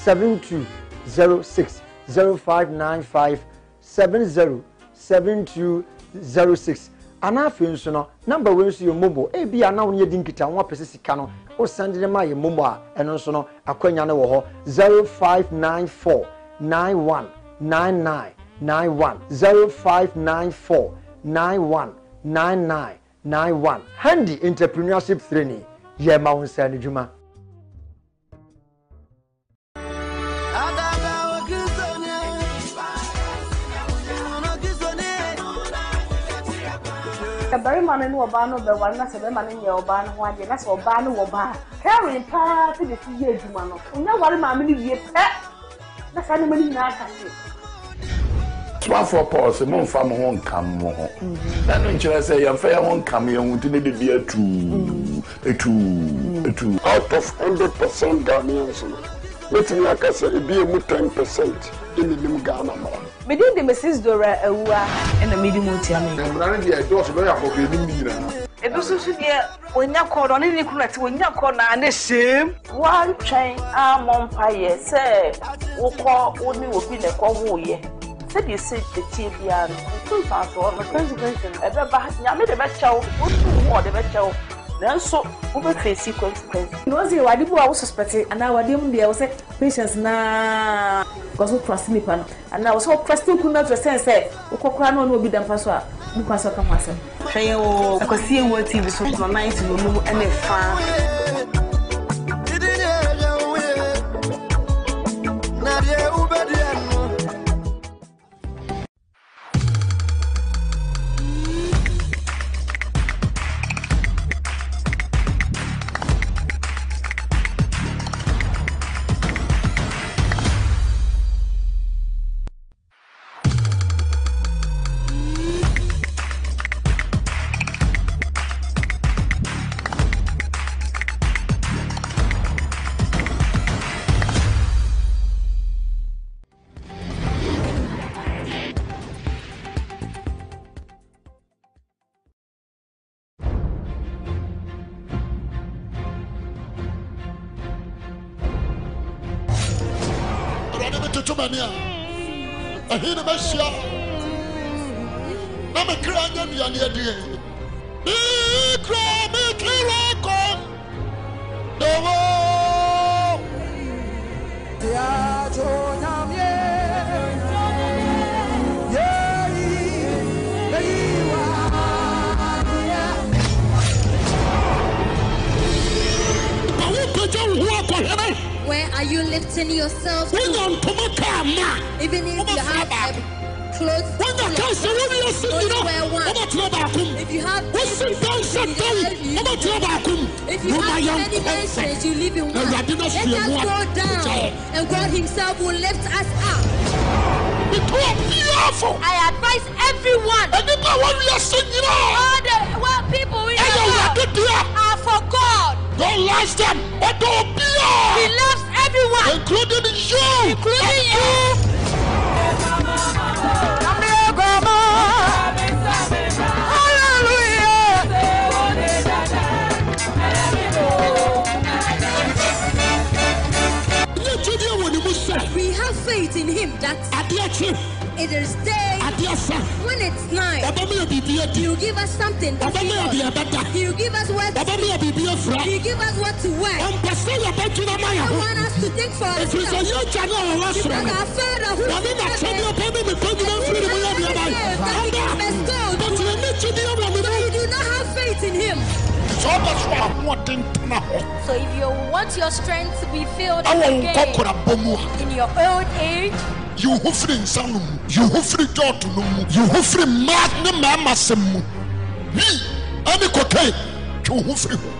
seven two zero six zero five nine five seven zero seven two zero six anaa afei nso no namba wei nso yɛ mmobo ebi anaa wɔn yɛ di nkita wɔn apɛsɛ sika no o san de ne ma yɛ mmobo a ɛno nso no akɔnya no wɔ hɔ zero five nine four nine one nine nine nine one zero five nine four nine one nine nine nine one handy entrepreneurship training yɛ ma wɔn nsa ne dwuma. barima no ne ɔbaa no bɛware na sɛ barima no nyɛ ɔbaa no ho adeɛ na sɛ ɔbaa no wɔ baa karen paa te de si yɛ adwuma no ɔnya ware maame no wie pɛ na saa nneɛma no nyinaa aka se soafoɔ paul sɛ momfa mo ho nkam mo ho na no nkyerɛ sɛ yɛmfa yɛ ho nkam yɛn ho nti ne de bi atuu atuu atuu out of 100 percent ghanaians no mɛtumi aka sɛ ebie mu 10 percent ɛnenim ghana mmaa mede de me sis dora awua ɛna mede mu tia me mmara no deɛ ɛdɔɔso bɛyɛ akɔkɔanim ne nyinaa ebi so so deɛ onya kɔ no ɔne ne kunu ɛte onya kɔ na ne hyɛm woantwɛn ammɔ mpayɛ sɛ wokɔ wo ne obi na ɛkɔ woyɛ sɛdeɛ sɛ tetie biara no ntomfa soɔ no ɛbɛba nyame de bɛkyɛw wotu wo ɔde bɛkyɛw nanso wobɛfɛsi consequence na ɔsi wade bi a wo suspect anaa wade mu deɛ wo sɛ patients naa gɔso trust nipa no anaa wo sɛ wo trust nkun na trust sɛ wokɔ koraa na ɔne obi da mfa so a nkwa sɛ ɔka ho asɛm hwɛ yɛ wɔ akwasie wɔ tv so no nine to no mu ɛne faa Yeah, We have faith in him that it is day when it's night. He'll give us something to He'll give us what to He'll give us what to wear. I want us to think for ourselves. Because our Father who is in heaven, and we have every day that he gives us gold. So if you want your strength to be filled again, in your old age, you firi nsa no mu yehowo firi dɔɔto no mu yehowo firi mmaa ne mmarima sɛm mu yii ɛne kɔkɛɛ twe wo ho ho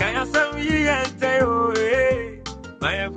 Cara, you send me and say, oh, hey,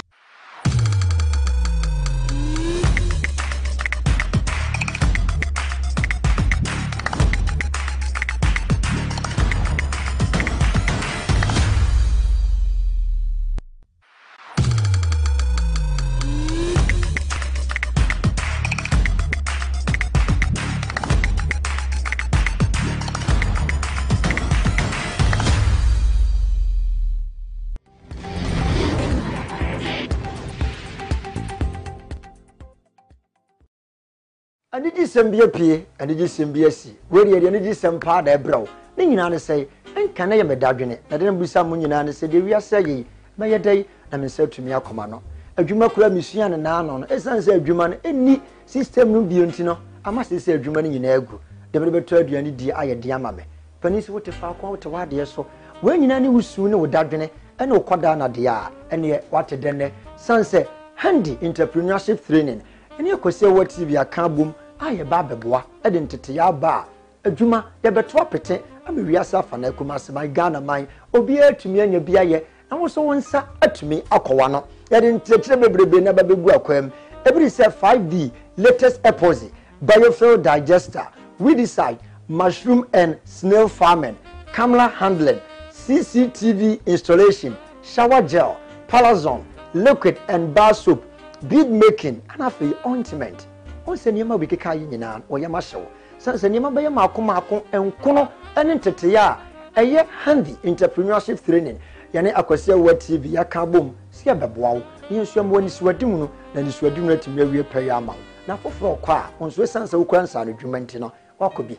sɛm bi apie anigye sɛm bi asi wei deɛ deɛ anigye sɛm paa da ɛbrɛ wo ne nyinaa ne sɛ nka ne yɛ me dadwene na de ne busa mo nyinaa ne sɛ deɛ wiase yɛ mɛyɛ dɛn na me nsa atumi akɔma no adwuma kura mesua ne naano no ɛsiane sɛ adwuma no ɛnni system no bio nti no ama sɛ sɛ adwuma no nyinaa agu deɛ mede bɛtɔ aduane die ayɛ den ama me pani sɛ wote faako wote w'adeɛ so wɔn nyinaa ne wusu ne wo dadwene ɛne wo kɔdaa na deɛ a ɛneɛ wate dɛnnɛ san sɛ handy entrepreneurship training ɛne ɛkɔsi ɛwɔ tv aka abom a yɛba abɛboa ɛde ntete yɛaba a adwuma yɛbɛto apete ama wiase afa na akuma ase man ghana man obiara atumi anya bi ayɛ na wɔn nso wɔn nsa atumi akɔwa no yɛde nkyerɛkyerɛ bebrebe na ba bɛgu akwa mu ebiri sɛ 5d latest epoxy biofuel digester weedicide mushroom and snail farming camera handling cctv installation shower gel palazon liquid and bar soap bead making and afei ointment wɔn sɛ nneɛma bi keka yi nyinaa wɔyɛ ma hyɛw sɛ sɛ nneɛma bɛyɛ maako maako nkono ne nteteeɛ a ɛyɛ handy entrepreneurship training yɛne akɔsi awua tv yɛka abom si ɛbɛboa wo ne nsuo mu wɔ nisuadi mu no na nisuadi mu no atumi awie pɛyɛ ama wo na foforɔ kɔ a nsuo san sɛ wokura nsaano dwuma nti no wakɔ bi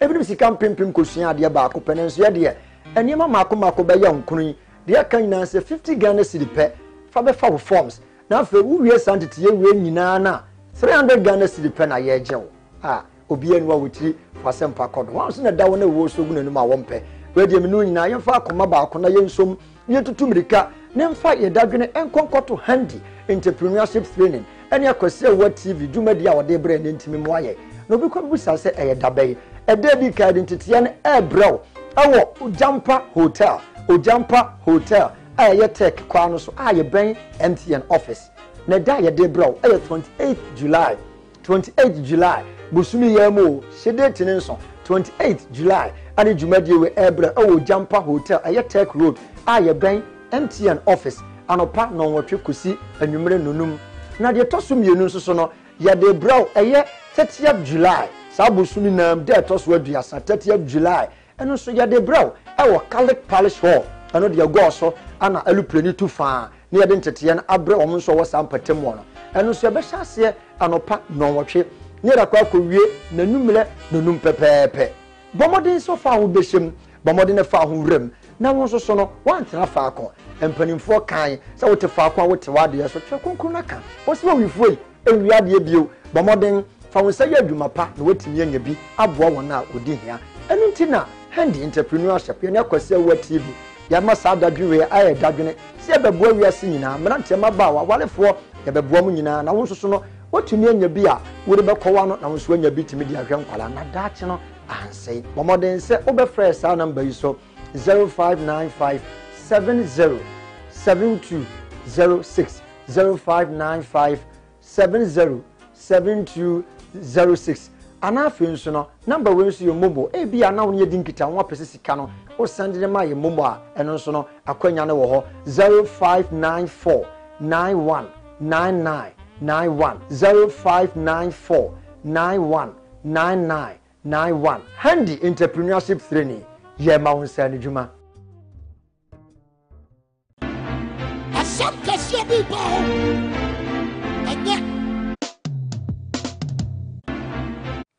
ebinom sika mpempem kosua adeɛ baako pɛ ne nsuo deɛ nneɛma maako maako bɛyɛ nkono yi deɛ ɛka nyinaa sɛ fifty ghana cedi pɛ fa bɛfa wo forms na afei wowie saa nteteyɛ wie nyinaa no three hundred ghana cedi pɛ na yɛregye wo a obiara nu a wotiri fasɛm pa kɔ do wɔn nso na da wɔn a wɔwɔ so gu n'anim a wɔn pɛ wɔadi mu no nyinaa yɛmfa akoma baako na yɛnsom yɛtutu mirika ne mfa yɛdadwene nkɔ nkɔto handi entrepreneurship training ɛne akwasi ɛwɔ tv dwumadi a wɔde brɛ ne ntumi mu ayɛ na obi kɔ bisa sɛ ɛyɛ daba yi ɛda bi ka yɛde ntetea no ɛɛbrɛw ɛwɔ ojampa hotel ojampa hotel a ɛyɛ tech kwan no so a yɛbɛn mtn office na da yɛde brɛ ɛyɛ 28 july 28 july bosumi yɛn mu o hyɛ deeti ne nso 28 july ɛne dwumadie wɔ ɛbrɛ ɛwɔ jampa hotel ɛyɛ tech road a yɛbɛn mtn office anɔpa nɔnwɔtwe kosi enwumere nonum na deɛ ɛtɔ so mmienu nso so no yɛde brɛ ɛyɛ 30th july saa bosumi nam deɛ ɛtɔ so aduasa 30th july ɛno nso yɛde brɛ ɛwɔ calic palace hall ɛno deɛ ɛgɔɔ ana ɛlupleni tu faa na yɛde nteteɛ no abrɛ wɔn nso wɔ saa mpɛtɛ mu no ɛno nso yɛbɛhyɛ aseɛ anɔpa nɔnwɔtwe ne yɛde akɔ akɔwie n'anummerɛ n'anum pɛpɛɛpɛ bɔmmɔden nso fa ho bɛhyɛ mu bɔmmɔden fa ho wura na wɔn nso so no wɔantena faako mpanimfoɔ kan sɛ wote faako a wote wadeɛ so twɛ kronkron no ka wɔsi wɔ wifuo yi ewi adeɛ bio bɔmmɔden fa wɔn nsa yɛ adwuma pa na wɔatumi anya bi aboa wɔn a wɔdi hia ɛno nti na handy entrepreneurship yɛn akɔsi awa tv yɛama saa dadwe wei ayɛ dadwene sɛ yɛbɛboa wiase nyinaa mmeranteɛ ma baa wawalefoɔ yɛbɛboa mu nyinaa na wo nso so no wotumi anya bi a wode bɛkɔ wa no na wo nso anya bi tumi de ahwɛ nkwalaa na daakye no ansɛe bɔmmɔden sɛ wobɛfrɛ saa namba yi so 0595 70 7206 0595 70 7206 anaa afei nso no namba wei nso yɛ mmobo ebi a na wo no yɛdi nkita wo apɛ sɛ sika no wosan de ma yɛ mmom a ɛno nso no akwanya no wɔ hɔ 0594 91 99 91 0594 91 99 91 handy entrepreneurship training yɛ ma wo nsa no dwuma asɛm kɛseɛ bi ba hɔ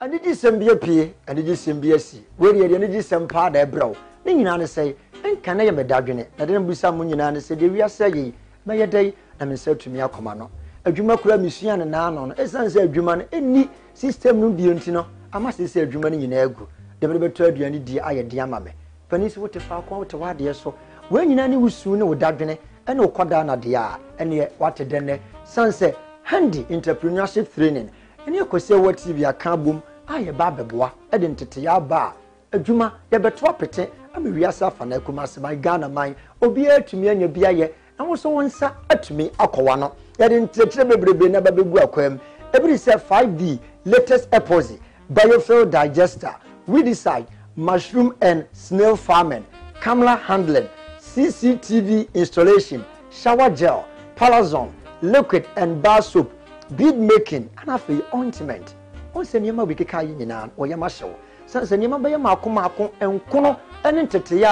anigyesɛm bi apie anigyesɛm bi asi wɔdeɛ deɛ anigyesɛm paa da ɛbrɛ wo ne nyinaa ne sɛ nka ne yɛ medadwene na de ne mbusa mu nyinaa ne sɛ deɛ wiasɛ yei mɛyɛ dɛn na mensa atumi akɔma no adwuma kora mesua ne naano no ɛsiane sɛ adwuma no ɛnni system no bio nti no ama sɛ sɛ adwuma no nyinaa agu dɛmɛ de bɛtɔ aduane die ayɛ den ama me panin sɛ wote faako wote w'adeɛ so wɔn nyinaa ne wusu ne wo dadwene ɛne wo kɔdaa nadeɛ a ɛneɛ wate dɛnɛ san sɛ handy entrepreneurship training ɛne ɛkɔ sɛ wɔ tv aka abom a yɛba abɛboa de nteteyɛ aba a adwuma yɛbɛto apete ama wiase afa na akum ase man ghana man obiara atumi anya bi ayɛ na wɔn nso wɔn nsa atumi akɔwa no yɛde nkyerɛkyerɛ bebrebe na babɛgu akwa mu ebiri sɛ 5d latest epoxy biofuel digester weedicide mushroom and snail farming camera handling cctv installation shower gel palazon liquid and bar soap bead making and afei ointment ɔnsɛ nneɛma bi keka yi nyinaa ɔyɛ ma hyɛw sɛnsɛ nneɛma bɛyɛ maako maako nkono ne nteteyɛ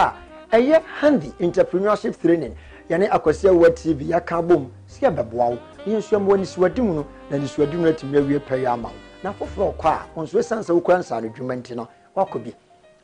a ɛyɛ handy entrepreneurship training yɛne akwasi awa tv yɛka bom sɛ yɛbɛboa wo ne yɛnso yɛmmoa nisuadi mu no na nisuadi mu no atumi awie pɛyɛ ama wo na foforɔ kɔ a ɔnso ɛsiane sɛ wokura nsaa no dwuma nti no wakɔ bi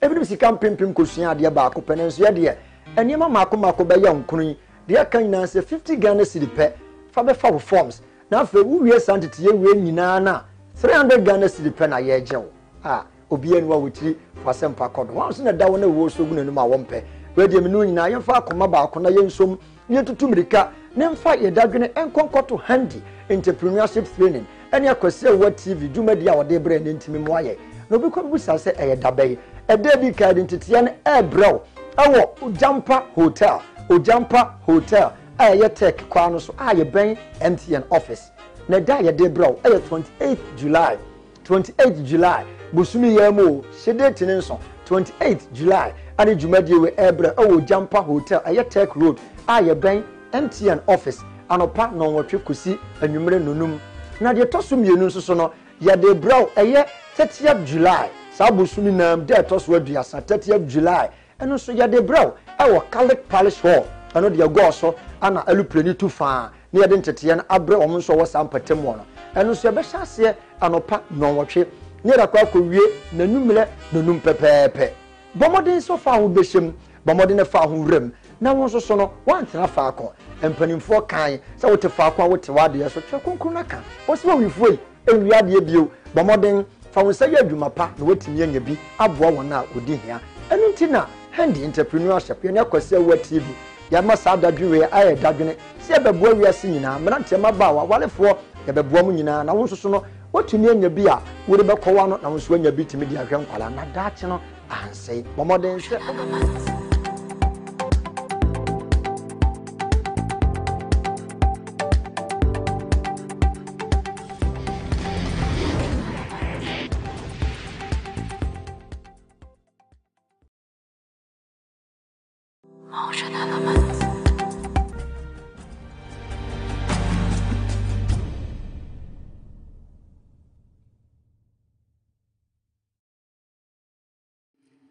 ebinom sika mpempem kɔsua adeɛ baako pɛ ne nso yɛdeɛ nneɛma maako maako bɛyɛ nkono yi deɛ aka nyinaa sɛ 50 ghana cedi pɛ fa bɛfa wo forms na afei wowie saa nteteyɛ wie nyinaa no a three hundred ghana cedi pɛ na yɛregye wo a obiara ni wa wotiri fasɛm pa kɔ do wɔn nso na da wɔn a wɔwɔ so gu n'anim a wɔn pɛ wɔadi mu no nyinaa yɛmfa akoma baako na yɛnsom yɛtutu mirika ne mfa yɛdadwene nkɔ nkɔto handi entrepreneurship training ɛne akwasi a tv dwumadi a wɔde brɛ ne ntumi mu ayɛ na obi kɔ bisa sɛ ɛyɛ daba yi ɛda bi ka de ntetea no ɛɛbrɛw ɛwɔ ojampa hotel ojampa hotel a ɛyɛ tech kwan no so a yɛbɛn mtn office na da yɛde brɛ wo ɛyɛ 28 july 28 july bosumi yɛn mu o hyɛ deeti ne nso 28 july ɛne dwumadie wɔ ɛbrɛ ɛwɔ jampa hotel ɛyɛ tech road a yɛbɛn mtn office anɔpa nɔnwɔtwe kɔsi anwummerɛ nonum na deɛ ɛtɔ so mmienu nso so no yɛde brɛ wo ɛyɛ 30 july saa bosumi nam da ɛtɔ so aduasa 30 july ɛno nso yɛde brɛ wo ɛwɔ calic palace hall ɛno deɛ gɔɔ so ana alupreni tu faa ne yɛde nteteɛ no abrɛ wɔn nso wɔ saa mpɛtɛm wɔ no ɛno nso yɛbɛhyɛ aseɛ anɔpa nɔnwɔtwe ne yɛde akɔ akɔwie n'anummerɛ n'anum pɛpɛɛpɛ bɔmmɔden nso fa ho bɛhyɛ mu bɔmmɔden no fa ho wura na wɔn nso so no wɔantena faako mpanimfoɔ kan sɛ wote faako a wote w'adeɛ so twɛ kronkron no ka wɔsi wɔ wifoɔ yi ewia adeɛ bio bɔmmɔden fa wɔn nsa yɛ adwuma pa na wɔatumi anya bi aboa wɔn a wɔdi hia ɛno nti na handy entrepreneurship yɛn akɔsi awa tv yɛama saa dadwene ayɛ dadwene sɛ yɛbɛboa wiase nyinaa mmeranteɛ ma baa wa walefoɔ yɛbɛboa mu nyinaa na wo nso so no wotumi anya bi a wode bɛkɔwa no na wo nso anya bi tumi de ahwɛ nkwalaa na daakye no ansɛe bɔmmɔden sɛ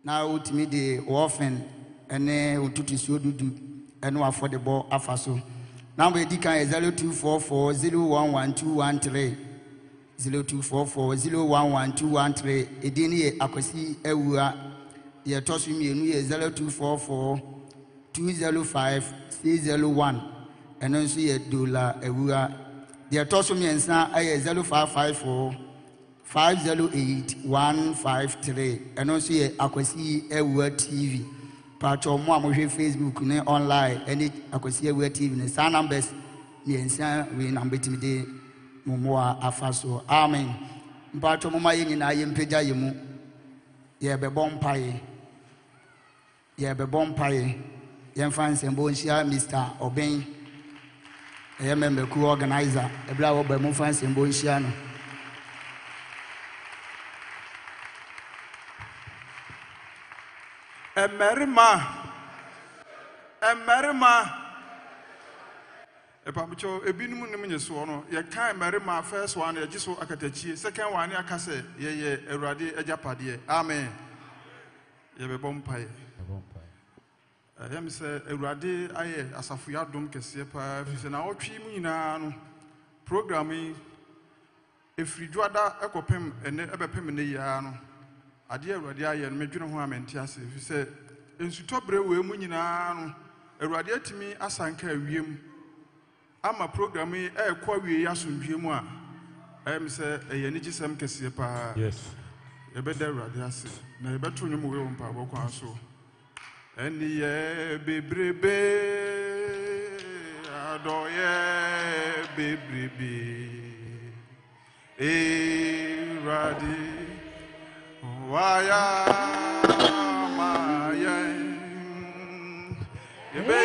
na wotumi de wɔfen ne ntotosuo dudu ne afɔdebɔ afa so namba edi kan yɛ zero two four four zero one one two one three zero two four four zero one one two one three edin ne yɛ akwasi awura deɛ ɛtɔ so mmienu yɛ zero two four four two zero five six zero one ɛno nso yɛ dola awura deɛ ɛtɔ so mmiɛnsa yɛ zero five five four five zero eight one five three ɛno nso yɛ akwasi awua tv patro mo a mohwɛ facebook ne online ɛne akwasi awua tv ne saa numbers mmiɛnsa wei na mbɛtumi de mo mmoa afa so amen mpatro mo ma yɛ nyinaa yɛmpagya yɛ mu yɛbɛbɔ mpaeɛ yɛbɛbɔ mpaeɛ yɛmfa nsɛmbɔ nhyia mr ɔbɛn ɛyɛ mmɛmmakuo organizer ɛberɛ a wɔba mu mfa nsɛmbɔ nhyia no mmarima mmarima epamukyɛw ebinom nim nye no yɛka mmarima first one yɛgye so akatakyie second one aka sɛ yɛyɛ awurade agyapadeɛ amen yɛbɛbɔ mpaeɛ ɛyɛm sɛ awurade ayɛ asafo yadom kɛseɛ paa firi sɛ na mu nyinaa no program yi efiri dwada ɛkɔpem ɛnɛ ɛbɛpem ne adeɛ awurade ayɛ no medwene ho a ase ɛfiri sɛ nsutɔberɛ wei mu nyinaa no awurade atumi asanka awiem ama program yi ɛrekɔ awie yi asomdwie mu a ɛyɛ me sɛ ɛyɛ anigyesɛm kɛseɛ paa yɛbɛda awurade ase na yɛbɛto nnwom wei wɔ mpaabɔ kwan so ɛneyɛ bebrebe adɔyɛ bebrebe ewurade waya maya ebe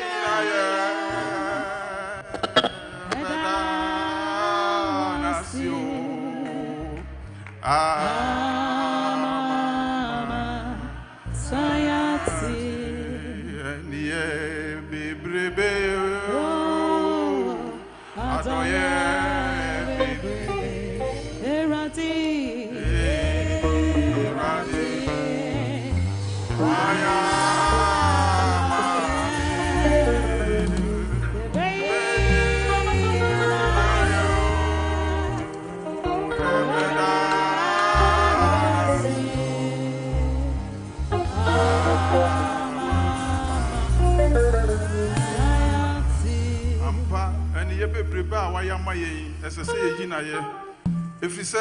na ya eda na si o ah. wayɛ ama yɛn ɛsɛ sɛ yɛyi na yɛ ɛfiri sɛ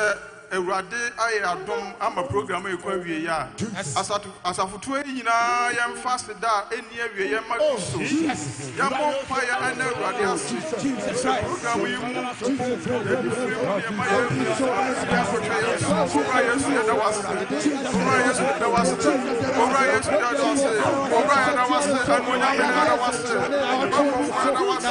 awurade ayɛ adom ama program a yɛkɔ awie yɛ a asafotuo nyinaa yɛmfa se da so awurade ase yi mu mu yɛda yɛda yɛda yɛda yɛda yɛ yi mu na mu awurade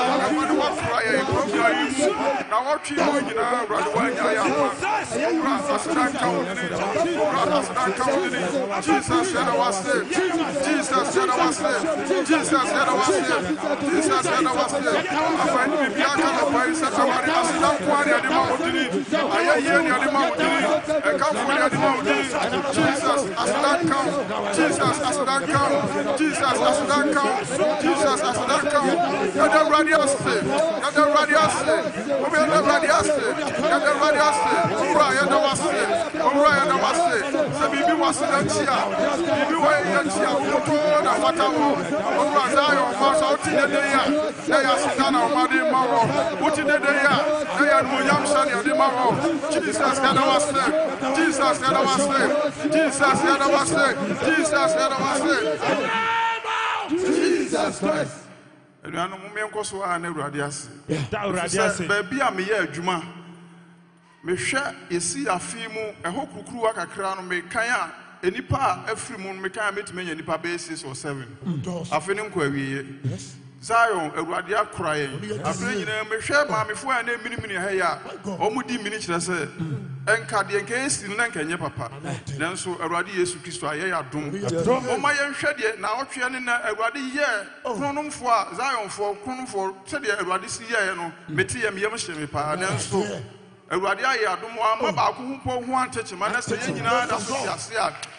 yɛ jesus yɛda Jesus, yet I was there. Jesus, yet I was there. Jesus, yet I was there. Afẹ́ni bíbí akana báyìí sẹ́ta wà ní asinapu àdé àdìmá òdìní. Ayẹyẹ ní àdìmá òdìní. Ẹ̀ka fún ní àdìmá òdìní. Jesus, asinan kan. Jesus, asinan kan. Jesus, asinan kan. Jesus, asinan kan. Yàda wúradì àsè. Yàda wúradì àsè. Omi yàda wúradì àsè. Yàda wúradì àsè. Owurọ̀ yàda wà sè. Owurọ̀ yàda wà sè. Sẹ́bi ibi wà sè náà tí a. Ibi wà yẹ yɛnti afoto na fata wɔ owura saa yɛ ɔma sa wote dede yi a na yɛ na ɔma de ma wɔ wote dede yi a na yɛ animonyam sɛnea de ma wɔ jesus yɛda wase jesus yɛda wase jesus yɛda wase jesus yɛda wase jesus christ anuanom menkɔ so a na awurade ase sɛ baabi a meyɛ adwuma mehwɛ ɛsi afe mu ɛhɔ kurukuruwa kakra no mekan a nipa a efiri mu mmekan a metumi anya nipa bɛyɛ six or seven mm. afei ne nkɔ awieɛ zion awurade akora yɛn afei nyinaa mehwɛ maamefoɔ a na eminimini ha yɛ a wɔn di mini kyerɛ sɛ mm. nka deɛ nka esi no nka nyɛ papa nanso awurade yesu kristo a yɛyɛ adum wɔma yɛn hwɛ deɛ na ɔtwe ne na awurade yɛ oh. kronomfoɔ a zionfoɔ kronomfoɔ sɛdeɛ awurade si yɛɛ no mm. mete yɛ meyɛm hyɛ me paa nanso awurade ayɛ adum wa ma oh. baako ho pɔ ho antekyema na sɛ yɛn nyinaa da so si ase a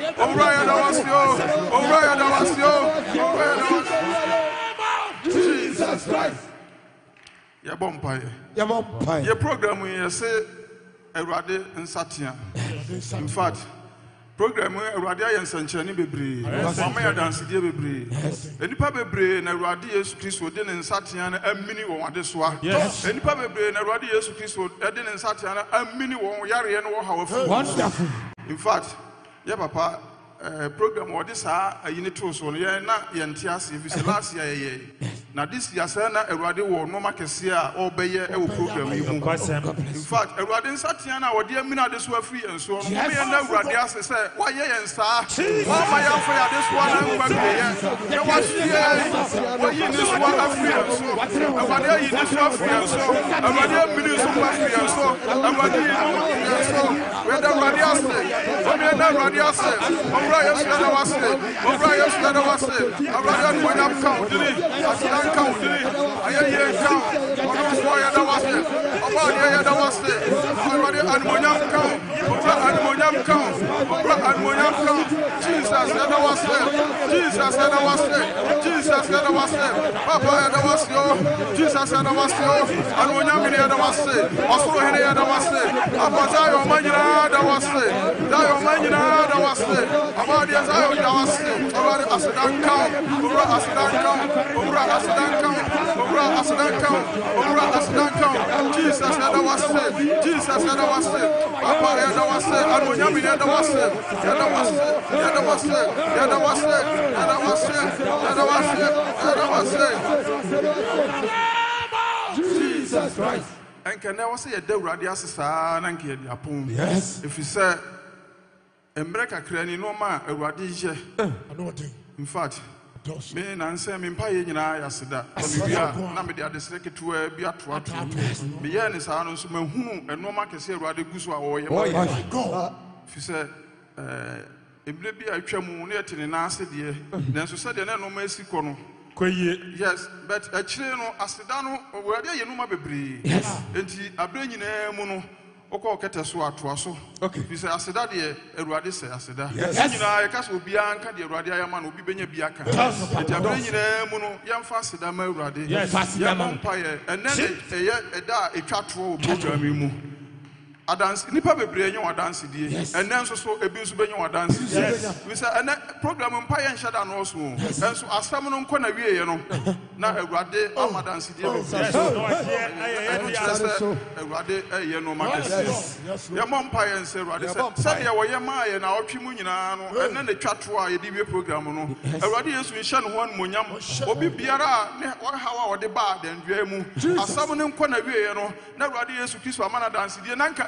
òwúrọ̀ yẹn lọ́wọ́ sí o wasio. yẹn lọ́wọ́ sí Jesus Christ. yẹ bọ mpa yẹ. yẹ bọ mpa yẹ. yẹ program yẹ sẹ ẹwurade nsatia in fact program awurade ayɛ nsɛnkyerɛnne bebree wama yɛ dansedeɛ bebree nnipa bebree na awurade yesu kristo de ne nsatea no amini wɔn adesoa nnipa bebree na awurade yesu kristo de ne nsatea no amini wɔn yareɛ no wɔ ha wafu in fact yɛ papa eh, program wɔde saa ayi eh, ne too so no yɛn na yɛn ti ase efi sɛ last year yɛ yɛ e na this year sɛ na awurade wɔ nneɛma kɛseɛ a ɔrebɛyɛ ɛwɔ program yi mu in fact awurade nsateɛ na wɔde amina ade so afiri yɛn so no wɔn yɛn na awurade ase sɛ wɔayɛ yɛn saa wɔama yɛn afɔ yɛn ade so ana nkwa kɛyɛ na wɔahyɛ wɔyi ne so afiri yɛn so awurade ayi ne so afiri yɛn so awurade amini so afiri yɛn so awurade yi no afiri yɛn so wɛda awurade ase ɔne ɛda awurade ase ɔwura yesu ɛda wase ɔwura yesu ɛda wase awurade anuonyam ka wo diri aseda nka wo diri ayɛyie nka wo ɔno nso ɔyɛda wase ɔba ɔdeɛ yɛda wase awurade anuonyam ka wo ɔwura anuonyam ka wo ɔwura anuonyam ka wo Jesus and our step. Jesus and our step. Jesus and our step. Papa and our step. Jesus and our step. And when you're in our step. Also in our step. Papa Zayo Manina and our step. Zayo Manina and our step. Amadi Zayo and our step. Already Asidan Count. Ura Asidan Count. Ura Asidan Count. Ura Asidan Count. Ura Asidan Count. Jesus and our step. Jesus and our step. Papa and our step. And when you're in our step. And our step. Yana bastı, yana bastı, Jesus Christ. a eh, me ne no a ebile bi a atwa mu ne yɛte ne nan ase deɛ nanso sɛdeɛ ne nneɛma esi kɔ no. kɔyie. yes but akyire no aseda no awurade ayɛ nneɛma bebree. yes nti abere nyinaa mu no wokɔ kɛtɛ so atoa so. okay fi sɛ aseda deɛ awurade sɛ aseda. yes ne nyinaa yɛka sɛ obiara nka deɛ awurade ayɛ ama no obi bɛnya bi aka. nti abere nyinaa mu no yɛmfa aseda ma awurade. yes yɛmfa aseda ma yɛmɔ mpa yɛ ɛnɛ ne ɛyɛ ɛda a etwa toɔ wɔ program yi mu adansi nipa bebree nye wa adansi die ɛnɛ nso so ebi nso bɛ nye wɔn adansi die bisa ɛnɛ program mpa yɛ nhyɛ da na ɔso ɛnso asɛm no nkɔ na wie yɛ no na awurade oh. ama adansi die oh. bebree ɛno kyerɛ sɛ awurade ɛyɛ no ma kɛseɛ yɛmɔ mpa yɛ nsɛ awurade sɛ sɛdeɛ wɔyɛ maa yɛ na ɔtwe mu nyinaa no ɛnɛ ne twa to a yɛde wie program no awurade yesu nhyɛ ne ho animonyam obi biara ne ɔhaw a wɔde baa danduaeɛ mu asɛm no nkɔ na wie yɛ no na awurade yesu kristo ama na adansi die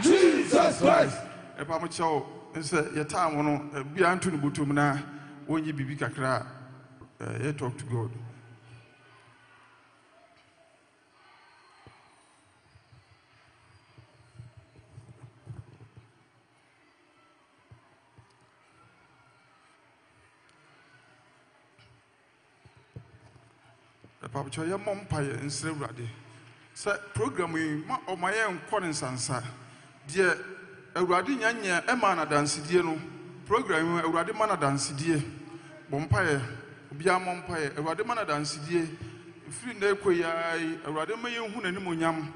jesus christ. ɛpɛ mo kyɛw nsɛ yɛtaa mo no bia nto kakra a talk to god. ɛpapkyɛ yɛmmɔ mpayɛ nsrɛ awurade sɛ program yi ma ɔma yɛ nkɔ ne nsansa deɛ awurade nyanya ɛma nadansedie no program yi awurade ma nadansedie bɔ mpayɛ obiara mmɔ mpayɛ awurade ma nadansedie ɛfiri nnɛ ɛkɔ yi ara yi awurade ma yɛnhu n'animonyam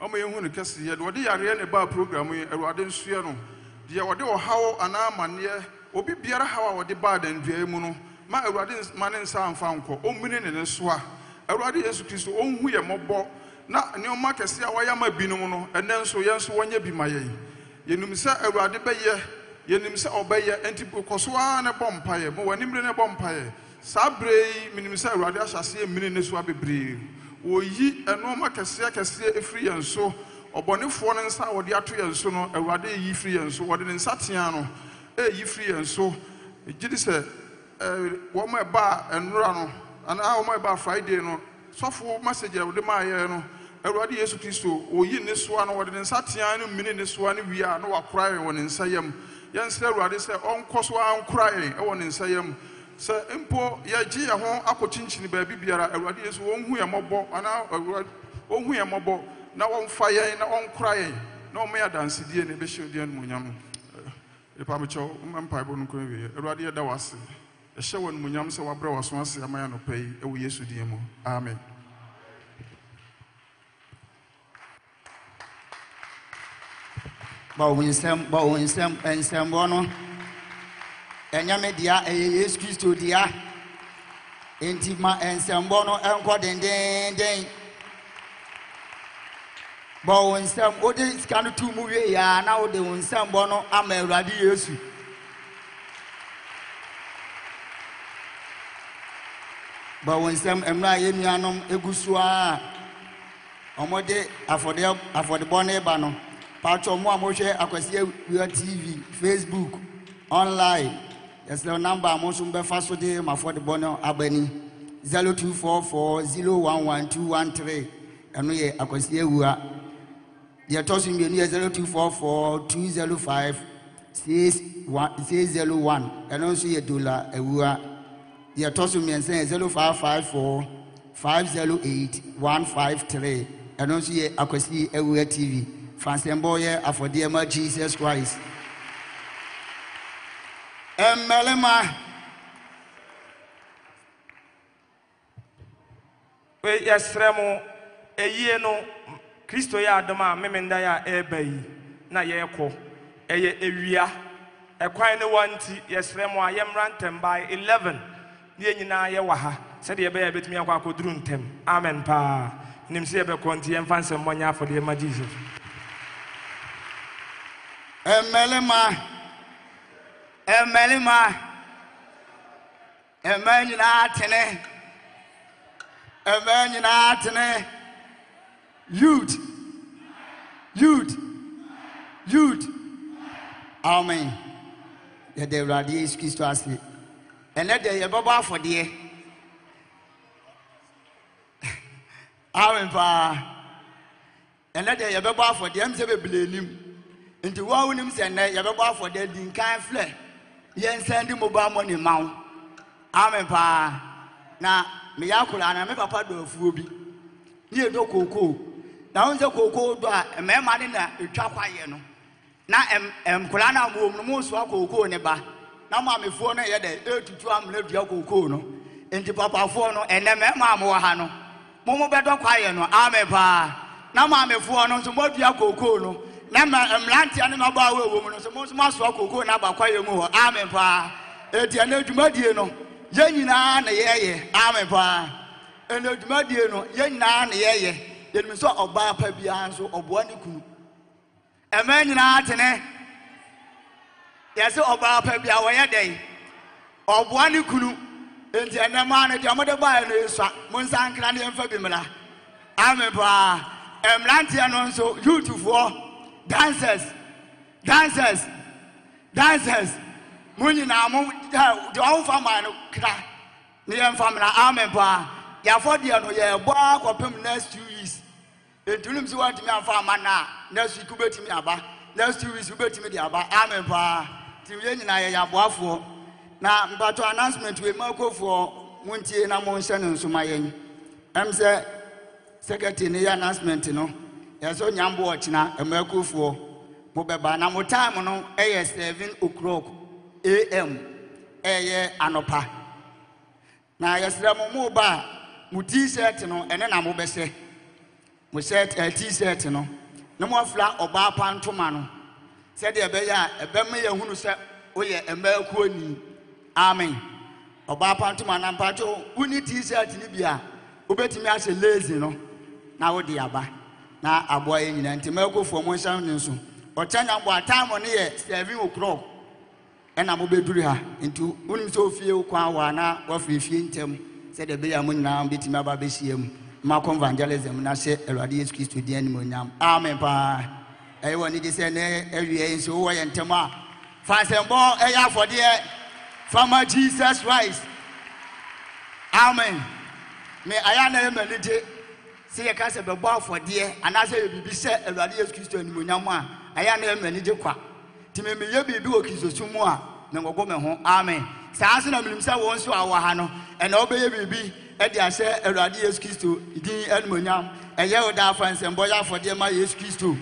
ɔma yɛnhu ne kɛseyɛ deɛ ɔde yareɛ ne baa program yi awurade nsoɛ no deɛ ɔde ɔhaw anaa amanneɛ obi biara haw a ɔde baa danduaeɛ mu no ma awurade ma ne nsa amfa nkɔ ɔmmini ne ne so awurade yesu kristo ɔnhu yɛ mmɔbɔ na nneɛma kɛse a wɔayɛ ama binom no ɛnɛ nso yɛn nso wɔnyɛ bi ma yɛn yɛnim sɛ awurade bɛyɛ yɛnim sɛ ɔbɛyɛ nti kɔ so ara ne bɔ mpaeɛ ma wɔanim ne bɔ mpaeɛ saa bere yi menim sɛ awurade ahyɛ aseɛ mmiri ne so a bebree wɔyi nneɛma kɛseɛ kɛseɛ ɛfiri yɛn so ɔbɔnefoɔ no nsa a wɔde ato yɛn so no awurade ɛyi firi yɛn so wɔde ne nsatea no ɛyi firi yɛn so gye di sɛ wɔn ɛbaa nnora no anaa wɔn oh, eh, a ɛba friday no sɔfo message a wɔde maa yɛ no awurade yesu kristo oyi ne soa no wɔde ne nsa tea no mini ne soa no wie a na wakora yɛn wɔ ne nsa yam yɛnsrɛ awurade sɛ ɔnkɔ so ankora yɛn ɛwɔ ne nsa yam sɛ mpo yɛgye yɛn ho akɔ kyinkyini baabi biara awurade yesu wɔnhu yɛn mmɔbɔ ana awurade wɔnhu yɛn mmɔbɔ na wɔmfa yɛn na ɔnkora yɛn na wɔn yɛ adansidie na ebehyɛ odiɛ no mu nyam nipa mi kyɛw mma mpaebɔ no kɔn wie awurade yɛda wɔ ase ɛhyɛ wɔn numunyam sɛ wabrɛ wɔn so ase ama yɛn yi ɛwɔ yesu din mu amen. bawo nsɛm bawo nsɛm nsɛmbɔ no ɛnyɛmɛ dea ɛyɛ yesu kristo dea nti ma nsɛmbɔ no ɛnkɔ dendenden bawo nsɛm wode sika no tu mu wie na wode wo nsɛmbɔ no ama awurade yesu. bɔ wɔn nsam mmerɛ a yɛn nuanom egu so a wɔde afɔde afɔdebɔ ne ba no paatɔ mu a wɔhwɛ akwasi awia tv facebook online yɛsɛ namba a wɔn nso bɛfa so de ma afɔdebɔ no abani zero two four four zero one one two one three ɛno yɛ akwasi awia deɛ ɛtɔ so mmienu yɛ zero two four four two zero five six one six zero one ɛno nso yɛ dola awia. E deɛ ɛtɔ so mmiɛnsa yɛ zero five five four five zero eight one five three ɛno nso yɛ akwasi awura tv fansɛnbɔ yɛ afɔdeɛ ma jesus christ mmarima yɛsrɛ mo ɛyie no kristo yɛ adom a memenda yɛ a ɛreba yi na yɛrekɔ ɛyɛ ewia ɛkwan ne wɔ nti yɛsrɛ mo a yɛmmra ntɛmbae 11 ne yɛn nyinaa yɛwɔ ha sɛdeɛ ɛbɛyɛ yɛbɛtumi akɔ akɔduru ntɛm amen paa nim sɛ yɛbɛkɔ nti yɛmfa nsɛm mmɔnyɛ afɔdeɛ ma jesus mmarima mmarima mmaa nyinaa tene mmaa nyinaa tene youth youth youth amen yɛde awurade yesu kristo ase ɛnɛ deɛ yɛbɛbɔ afɔdeɛ amen paa ɛnɛ deɛ yɛbɛbɔ afɔdeɛ ɛmu sɛ bebree nim nti wɔn anim sɛ ɛnɛ yɛbɛbɔ afɔdeɛ di nkan filɛ yɛn nsɛn de mobile money ma wo amen paa na meyɛ akora na me papa dɔ afuo bi ne yɛ dɔ kookoo na wɔn sɛ kookoo dɔ a mmarima ne na etwa kwa yɛ no na ɛm nkora na wɔn mu no mo ne ba na maamefoɔ no yɛ dɛ ɛtutu amena dua kookoo no nti papafoɔ no ɛnɛ mmarima a mowɔ ha no mo mo bɛdɔ kwaeɛ no ame paa na maamefoɔ no nso moadua kookoo no na mmeranteɛ ne mmabaawa ɛwɔ mu no nso mo nso moasoa kookoo no aba kwaeɛ mu hɔ ame paa ɛti ɛnɛ dwumadie no yɛn nyinaa na yɛyɛ ame paa ɛnɛ dwumadie no yɛn nyinaa na yɛyɛ yɛnim sɛ ɔbaa pa biara nso ɔboa ne kunu ɛmɛ nyinaa tene yɛsɛ ɔbaa pɛ a wɔyɛ dɛn ɔboa ne kunu nti ɛnɛmaa no deɛ ɔmode baeɛ no yɛsua mo nsa ne yɛmfa bi mmra ame paa mmeranteɛ no nso youtufoɔ dancers dancers dancers mo nyinaa mo deɛ ɔmfa man no kra ne yɛmfa mmra ame paa yɛafɔ deɛ no yɛɛbɔ akɔpem next two years ntunim sɛ woantumi amfa ama no next week wobɛtumi aba next two weeks wobɛtumi de aba amen paa nti nyinaa yɛ aboafoɔ na mpato announcement wei makofoɔ montie na monhyɛ no nso ma yɛn ɛm sɛ secretary ne yɛ announcement no yɛsɛ mobɛba na mo time no yɛ 7 o'clock am ɛyɛ anɔpa na yɛsrɛ mo mo ba a mo t-shirt no ɛne na mobɛhyɛ mo shirt t-shirt no na moafira ɔbaa pa ntoma no sɛdeɛ ɛbɛyɛ a ɛbɛma yɛhunu sɛ woyɛ mmaakuo ni amen ɔbaa pantom anampakye woni t-shirt no bi a wobɛtumi ahyɛ lazy no na wode aba na aboa yɛ nyinaa nti mmaakuofoɔ mo nhyɛ ne nso ɔkyɛ nyamboa time no yɛ seven o'clock ɛna mobɛduru ha nti wonim sɛ ofie wo kwan wɔ a na woafiri fie ntɛm sɛdeɛ ɛbɛyɛ a mo nyinaa wobɛtumi aba bɛhyia mu mmakɔ evangelism na hyɛ awurade yesu kristo din animonyam amen paa ɛyɛ ne de sɛ ne awie nso wowɔ yɛ ntɛm a fa asɛmbɔ ɛyɛ afɔdeɛ fama jesus christ amen me ayɛ na ɛyɛ m'ani gye sɛ yɛka sɛ bɛbɔ afɔdeɛ anaasɛ yɛ biribi sɛ awurade yesu kristo animonyam a ɛyɛ na ɛyɛ m'ani gye kwa nti me meyɛ biribi wɔ kristosu mu a mengɔbɔ me ho amen saa nso na menim sɛ wɔn nso a wɔ ha no ɛna wobɛyɛ biribi ɛde ahyɛ awurade yesu kristo din animonyam ɛyɛ wo daa fa nsɛmbɔ yɛ afɔdeɛ ma yesu kristo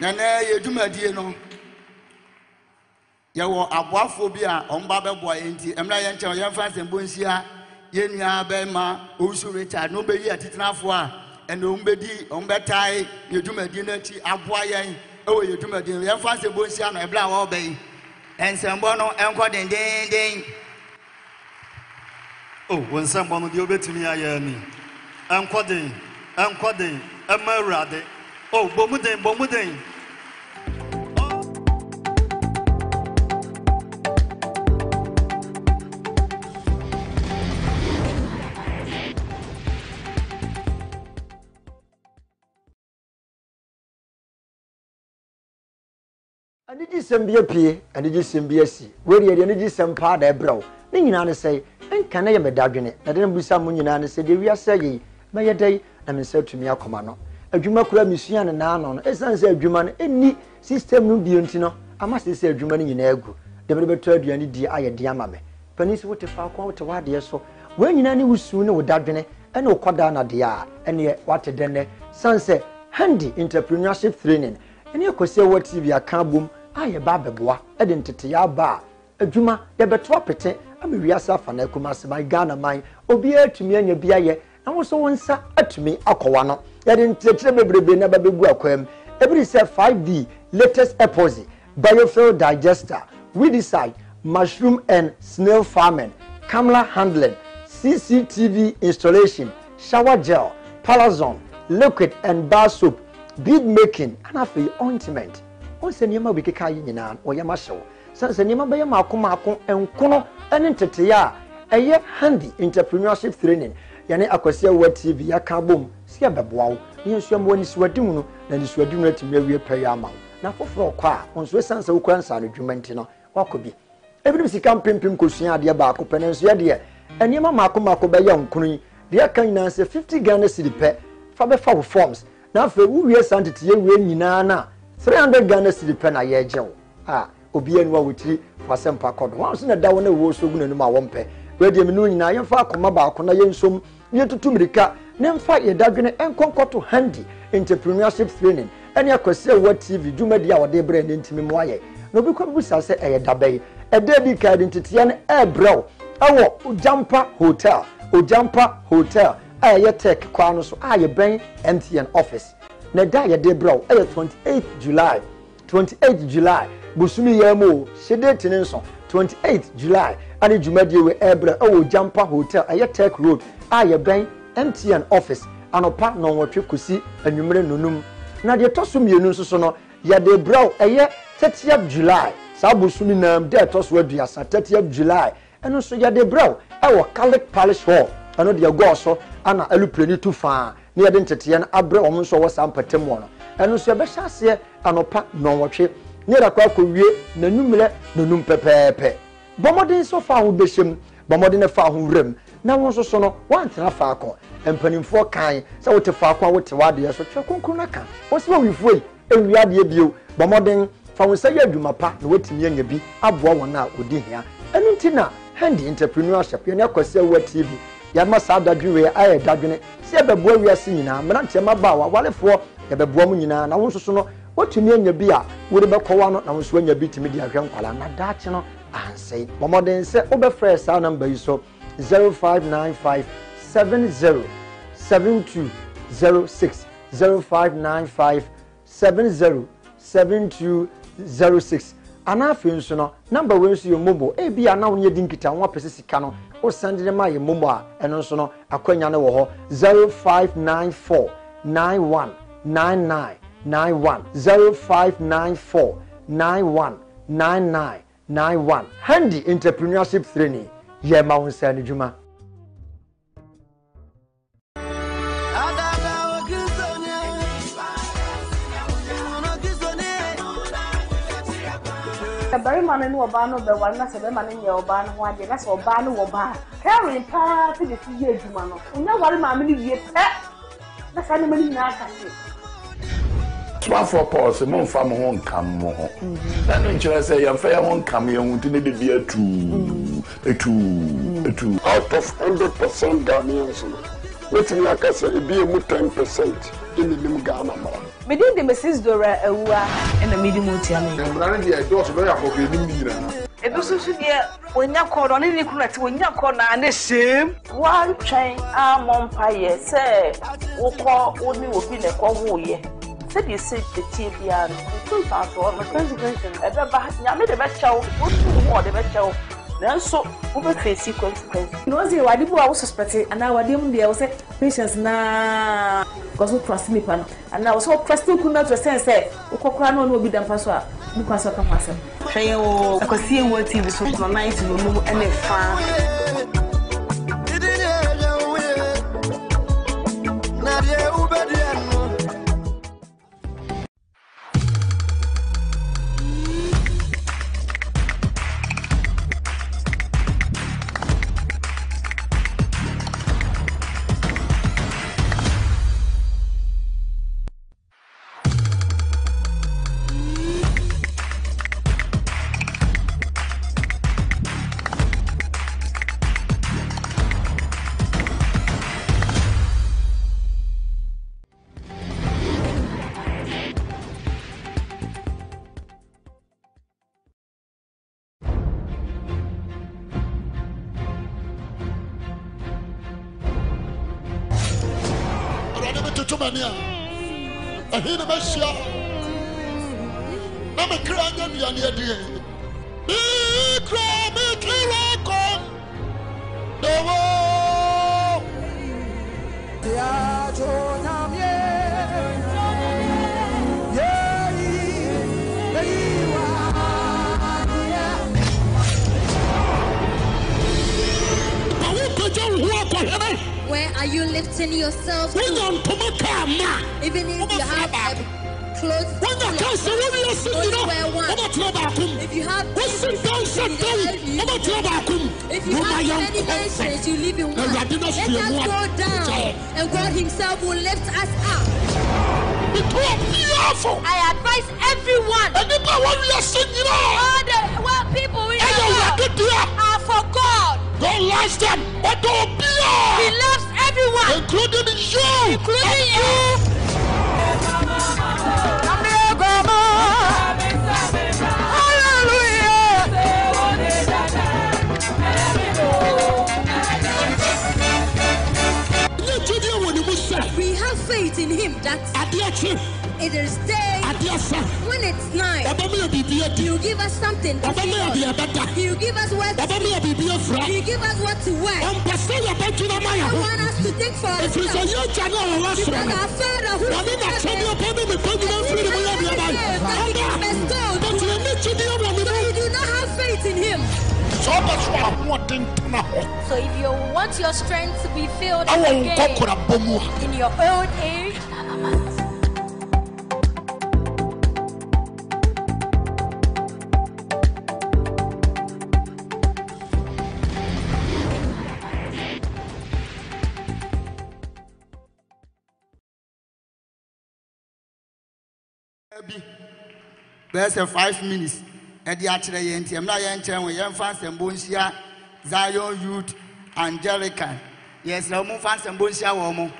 na na yɛ dwumadie no yɛwɔ aboafoɔ bi a wɔn ba bɛboa yɛn ti mmerɛ yɛn nkyɛn yɛmfa nsɛmbɔ nsia yɛn nua bɛrima owusu richard na ɔbɛyi atetenafoɔ a ɛna wɔn bɛdi wɔn bɛtae yɛ dwumadie n'akyi aboa yɛn ɛwɔ yɛ dwumadie no yɛmfa nsɛmbɔ nsia na ɛbrɛ a wɔrebɛyi nsɛmbɔ no ɛnkɔ dendenden. o wɔn nsɛmbɔ no deɛ obetumi ayɛ ni ɛnkɔ den ɛnkɔ den ɛmɛ Oh, bom mudem, bom mudem. anigyesɛm bi apue anigyesɛm bi asi wɔdeɛ deɛ anigyesɛm paa da ɛbrɛ wo ne nyinaa ne sɛ nka ne yɛ meda adwene na de no busa mu nyinaa ne sɛ deɛ wiasɛ yei mɛyɛ dɛn na me nsa atumi akɔma no adwuma kura mesua ne naanɔ no ɛsiane sɛ adwuma no ɛnni system no bio nti no ama sɛ sɛ adwuma no nyinaa agu dɛmɛ de bɛtɔ aduane die ayɛ de ama me panin sɛ wote faako a wote w'adeɛ so wɔn nyinaa ne wusu ne wo dadwene ɛne wo kɔdaa nadeɛ a ɛneɛ wate dɛnɛ san sɛ handy entrepreneurship training ɛne akɔsi ɛwɔ tv aka abom a yɛba abɛboa ɛde ntete yɛaba a adwuma yɛbɛto apete ama wiase afa na akum ase ghana man obiara atumi anya bi ayɛ na wɔn wɔn nsa atumi akɔwa no yɛde nkyerɛkyerɛ bebrebe na ba bɛgu akwa mu ebiri sɛ 5d latest epoxy biofuel digester weedicide mushroom and snail farming camera handling cctv installation shower gel palazon liquid and bar soap bead making ɛna afei ointment wɔn sɛ nneɛma bi keka yi nyinaa wɔyɛ ma hyɛw sɛ sɛ nneɛma bɛyɛ maako maako nkono ɛne nteteeɛ a ɛyɛ handy entrepreneurship training yɛne akɔsi awua tv yɛaka abom si ɛbɛboa wo ne yɛnsua mmoa nisuadi mu no na nisuadi mu no atumi awie pɛ ama wo na foforɔ ɔkɔ a ɔnso ɛsiane sɛ wokura nsa no dwuma nti no wakɔ bi ebinom sika mpempem kosua adeɛ baako pɛ nanso yɛdeɛ nneɛma mako mako bɛyɛ nkono yi deɛ ɛka nyinaa sɛ fifty ghana cedi pɛ fa bɛfa wo forms na afei wowie saa ntete yɛwie nyinaa no three hundred ghana cedi pɛ na yɛregye wo a obiara nu a wotiri fasɛmpa kɔ do wɔn nso na da wɔn a wɔwɔ so gu n'anim a wɔmpɛ wɔadi ɛmu no nyinaa yɛmfa akoma baako na yɛnsom yɛtutu mirika ne mfa yɛ dadwene nkɔ nkɔto handi entrepreneurship training ɛne akwasi ɛwɔ tv dwumadi a wɔde brɛ ne ntumi mu ayɛ na obi kɔ bisa sɛ ɛyɛ daba yi ɛda bi ka identiteɛ no ɛɛbrɛw ɛwɔ ojampa hotel ojampa hotel a ɛyɛ tech kwan no so a yɛbɛn mtn office na ɛda a yɛde brɛw ɛyɛ 28 july 28 july bosumi yɛn mu o hyɛde tini nso 28 july ɛne dwumadi ɛwɔ ɛɛbrɛw ɛwɔ ojampa hotel ɛyɛ tech road a yɛbɛn mtn office anɔpa na ɔwɔtwe kɔsi enumere nonum na deɛ ɛtɔ so mmienu nso so no yɛde brɛw ɛyɛ 30th july saa bosom nam dɛ ɛtɔ so aduasa 30th july ɛno nso yɛde brɛw ɛwɔ calic palace hall ɛno deɛ gɔɔ so ana alupreni tu faa na yɛde nteteɛ no abrɛ wɔn nso wɔ saa mpɛtɛm wɔ no ɛno nso yɛbɛhyɛ aseɛ anɔpa nɔnwɔtwe ne yɛde akɔ akɔwie n'anummerɛ nonum pɛpɛɛpɛ bɔmmɔden nso fa ho bɛhyɛ mu bɔmmɔden fa ho na wɔn nso so no wɔantena faako mpanimfoɔ kan sɛ wote faako a wote wadeɛ so twerɛ kronkron no ka wɔsi wɔ wifoɔ yi ewi adeɛ bio bɔmmɔden fa wɔn nsa yɛ adwuma pa na wɔtumi anya bi aboa wɔn a wɔdi hia ɛno nti na hendi entrepreneurship yɛn akɔsi awua tv yɛama saa dadwene ayɛ dadwene sɛ yɛbɛboa wiase nyinaa mmeranteɛ mmabaawa walefoɔ yɛbɛboa mu nyinaa na wɔn nso so no wɔtumi anya bi a wɔde bɛkɔ no na wɔn nso anya bi tumi de ahwɛ nkwadaa na daakye no ansɛn bɔmmɔden sɛ wobɛfrɛ saa namba yi so 0595 seven zero seven two zero six zero five nine five seven zero seven two zero six anaa afei nso no namba wei nso yɛ momo ebi anaa wɔn yɛ di nkita wɔn apɛsɛ sika no o san de ma yɛ momo a ɛno nso no akɔnya no wɔ hɔ zero five nine four nine one nine nine nine one zero five nine four nine one nine nine nine one handy entrepreneurship training yɛ ma wɔn nsa ne dwuma. barima no ne ɔbaa no bɛware na sɛ bɛrima no nyɛ ɔbaa no ho adeɛ na sɛ ɔbaa no wɔ baa karen paa te de si yɛ adwuma no ɔnya ware maame no wie pɛ na saa nneɛma no nyinaa ka se soafoɔ paul sɛ momfa mo ho nkam mo ho na no nkyerɛ sɛ yɛmfa yɛ ho nkam yɛ ho nti ne de bi atu atu atu out of 100 percent ghanaians no wotumi aka sɛ ebi emu ten percent ɛna enim ghana mara. mede de mrs dora awu a ɛna mede mu tia me. mmara no deɛ ɛdɔɔso bɛyɛ akɔkɔ anim ne nyinaa. ebi nso nso deɛ wonya kɔɔ no ɔne ne kunu ate wonya kɔɔ na ne hyɛm. wantwɛn a mɔ mpa yɛ sɛ wokɔ wo ne obi na ɛkɔ wooyɛ sɛdeɛ sɛ tetie biara no ntum fa soɔ no ɛbɛba nyame de bɛkyɛw wotu wo hɔ de bɛkyɛw nanso wobɛfɛsi consequence na ɔsɛ wade bi a wo anaa wadeɛ mu deɛ wo patients naa because trust nipa no anaa wo sɛ wo trust na to sɛn sɛ wokɔ na ɔne obi da mpa so a nipa sɛ ɔka ho asɛm hwɛ yɛ wɔ akwasie wɔ tv so nana yɛ tino mu ɛne faa Yeah, kyerɛ yɛn nti mmerɛ a yɛn nkyerɛ ho yɛmfa nsɛmbɔ nhyia zion youth angelica yɛsrɛ mu mfa nsɛmbɔ nhyia wɔ mo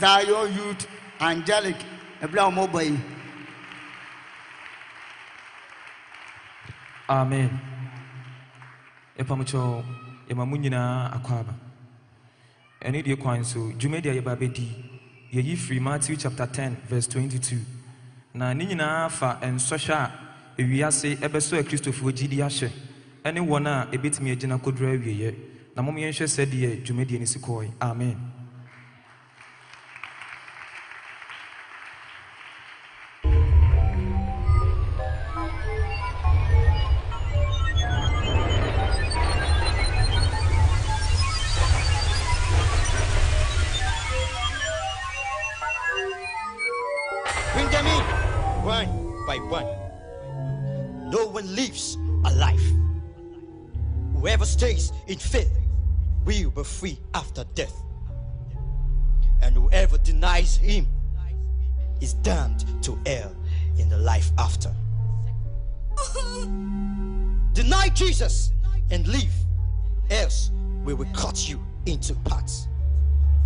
zion youth angelic ɛberɛ a wɔmɔbɔ yi amen ɛpamkyɛw yɛma mo nyinaa akɔaba aba ɛne deɛ kwan so dwumadi a yɛba bɛdi yɛyi firi matthew chapter 10 verse 22 na ne nyinaa fa nsɔhwɛ a ewiase ɛbɛsɔ akristofoɔ gyidi ahyɛ ɛne wɔn a ebetumi agyina kodoro awieɛ na mo yɛnhwɛ sɛdeɛ dwumadie no si kɔɔ amen. pieces and leave, else we will cut you into parts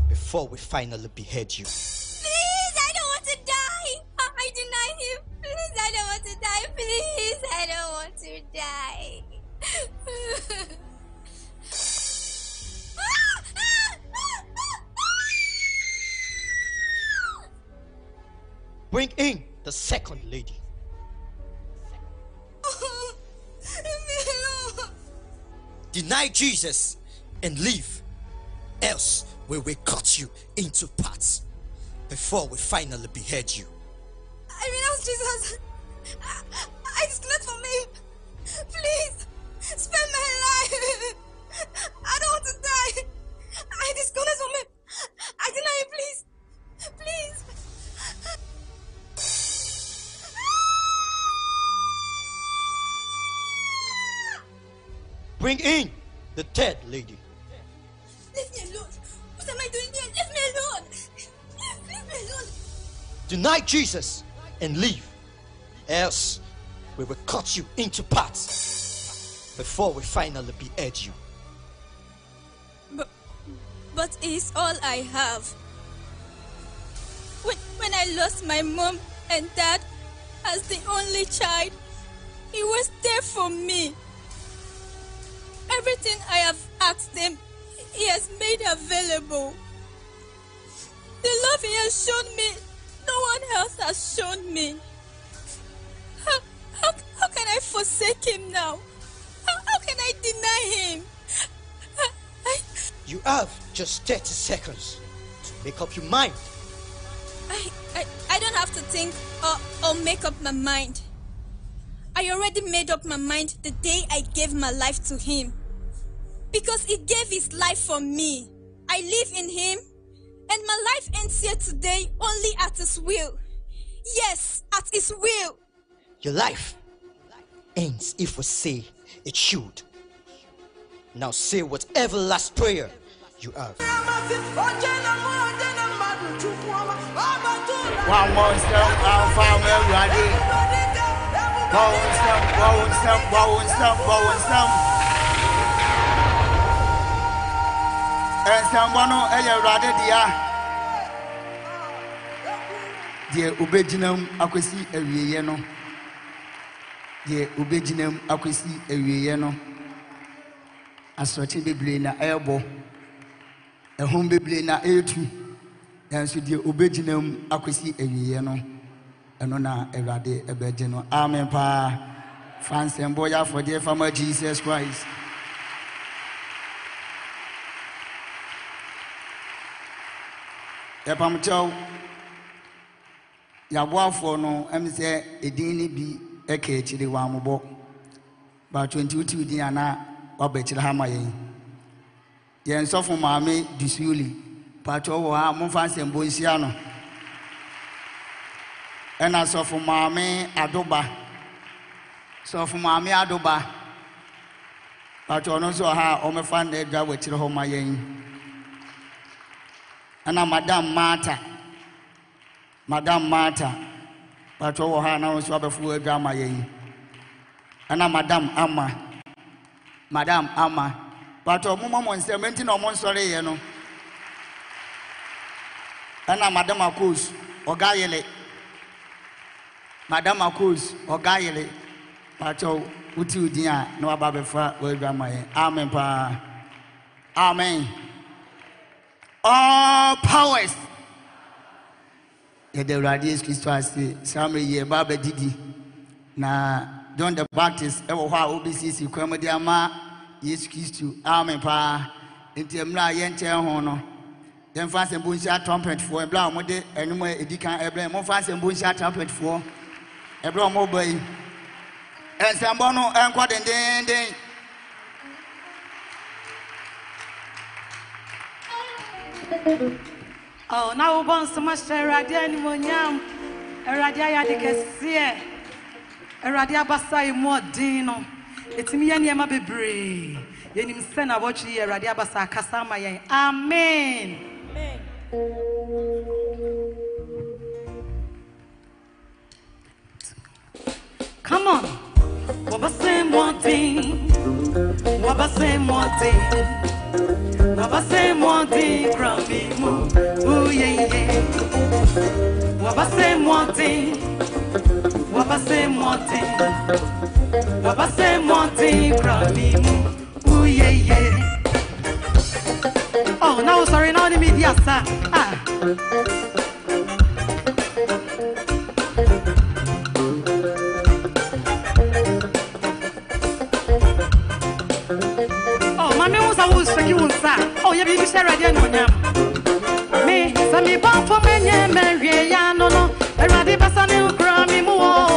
before we finally behead you. Please, I don't want to die. I deny you. Please, I don't want to die. Please, I don't want to die. Bring in the second lady. deny Jesus and leave. Else we will cut you into parts before we finally behead you. I renounce Jesus. I not for me. Please, spare my life. I don't want to die. I disconnect from me. I deny it, please. Please. Bring in the dead lady. Leave me alone. What am I doing here? Leave me alone. Please, leave me alone. Deny Jesus and leave. Else, we will cut you into parts before we finally behead you. But, but it's all I have. When, when I lost my mom and dad as the only child, he was there for me. Everything I have asked Him, He has made available. The love He has shown me, no one else has shown me. How, how, how can I forsake Him now? How, how can I deny Him? I, I... You have just 30 seconds to make up your mind. I, I, I don't have to think or, or make up my mind. I already made up my mind the day I gave my life to him because he gave his life for me. I live in him, and my life ends here today only at his will. Yes, at his will. Your life ends if we say it should. Now say whatever last prayer you have. One more step, step, step, step, step. nsɛmbɔ no yɛ awurade dea deɛ obɛgyinam akɔsi awieeɛ no deɛ obɛgyinam akɔsi awieeɛ no asorɔkye bebree na ɛrebɔ ɛhom bebree na ɛretu nanso deɛ obɛgyinam akɔsi awieeɛ no ɛno na awurade ɛbɛgye no amen paa fa nsɛmbɔ yɛ afɔdeɛ fama jesus christ yɛpam kyɛw yɛaboafoɔ no ɛm sɛ ɛdin no bi ɛka akyire wɔamobɔ baatwo nti wotiw din anaa woabɛkyerɛ ha ma yɛn yɛn sɔfo maame dusuuli paatwo wɔ ha momfa nsɛmbɔ nhyia no ɛna sɔfo maame adoba sɔfo maame adoba paatwo ɔno nso ɔha a ɔmɛfa ndɛ dwa wɔakyerɛ hɔ ma yɛn ɛna madam marta madam marta patɔ wɔ ha na nso abɛfo adwa ama yɛn ɛna madam ama madam ama patɔ momɔ mɔ nsɛm enti na ɔmo nsɔre yɛ no ɛna madam akos ɔga yele madam akos ɔga yele patɔ wotiw din a na waba abɛfa wadwa ama yɛn amen paa amen all powers yɛde awurade yesu kristo ase saa mmerɛ yie ɛba abɛdidi na john the baptist ɛwɔ hɔ a wobɛsiesie kwan mu de ama yesu kristo amen paa nti mmerɛ a yɛnkyɛn ho no yɛmfa asɛmbo nhyia trumpetfoɔ ɛberɛ a wɔde ɛnom a ɛdi kan ɛberɛ momfa asɛmbo nhyia trumpetfoɔ ɛberɛ a wɔbɔ yi ɛnsɛmbɔ no ɛnkɔ dendenden Oh, now we want so much to Radia ni monyam. Radia ya dikesiye. Radia basa imo dino. Etimi yani ema bebre. Yeni msena wachi ya Radia basa akasama yeni. Amen. Amen. Come on. Wabase Monty, Wabase Monty, Wabase Monty, Grammy Mo, ooh yeah yeah. Wabase Monty, Wabase Monty, Wabase Monty, Grammy Mo, ooh yeah yeah. Oh, now sorry, now the media, sir. Ah. ma wo nsa yi wo biribi sɛ awurade anuonyam me sɛ mebɔmfo mɛnyɛ mawie ya no no awurade bɛsa ne nkora me mu wɔ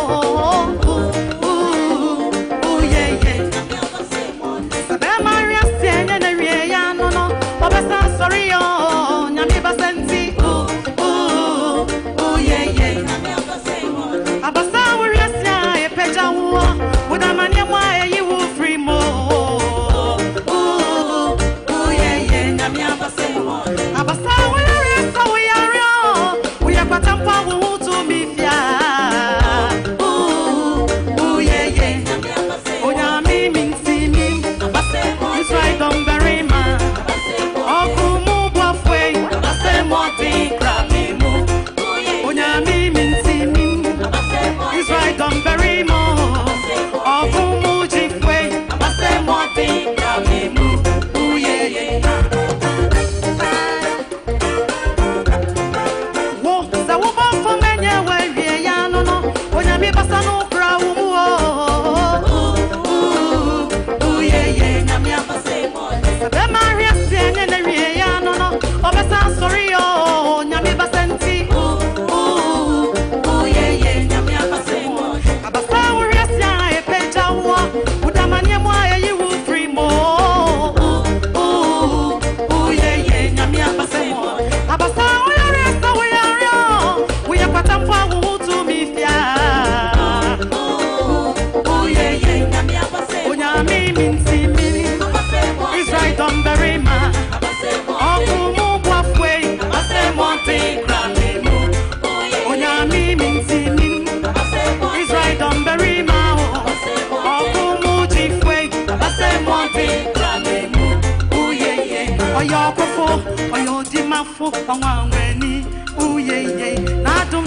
ọnwa yeah yeah, na-adụ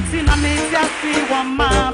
mezi asị ịwa mma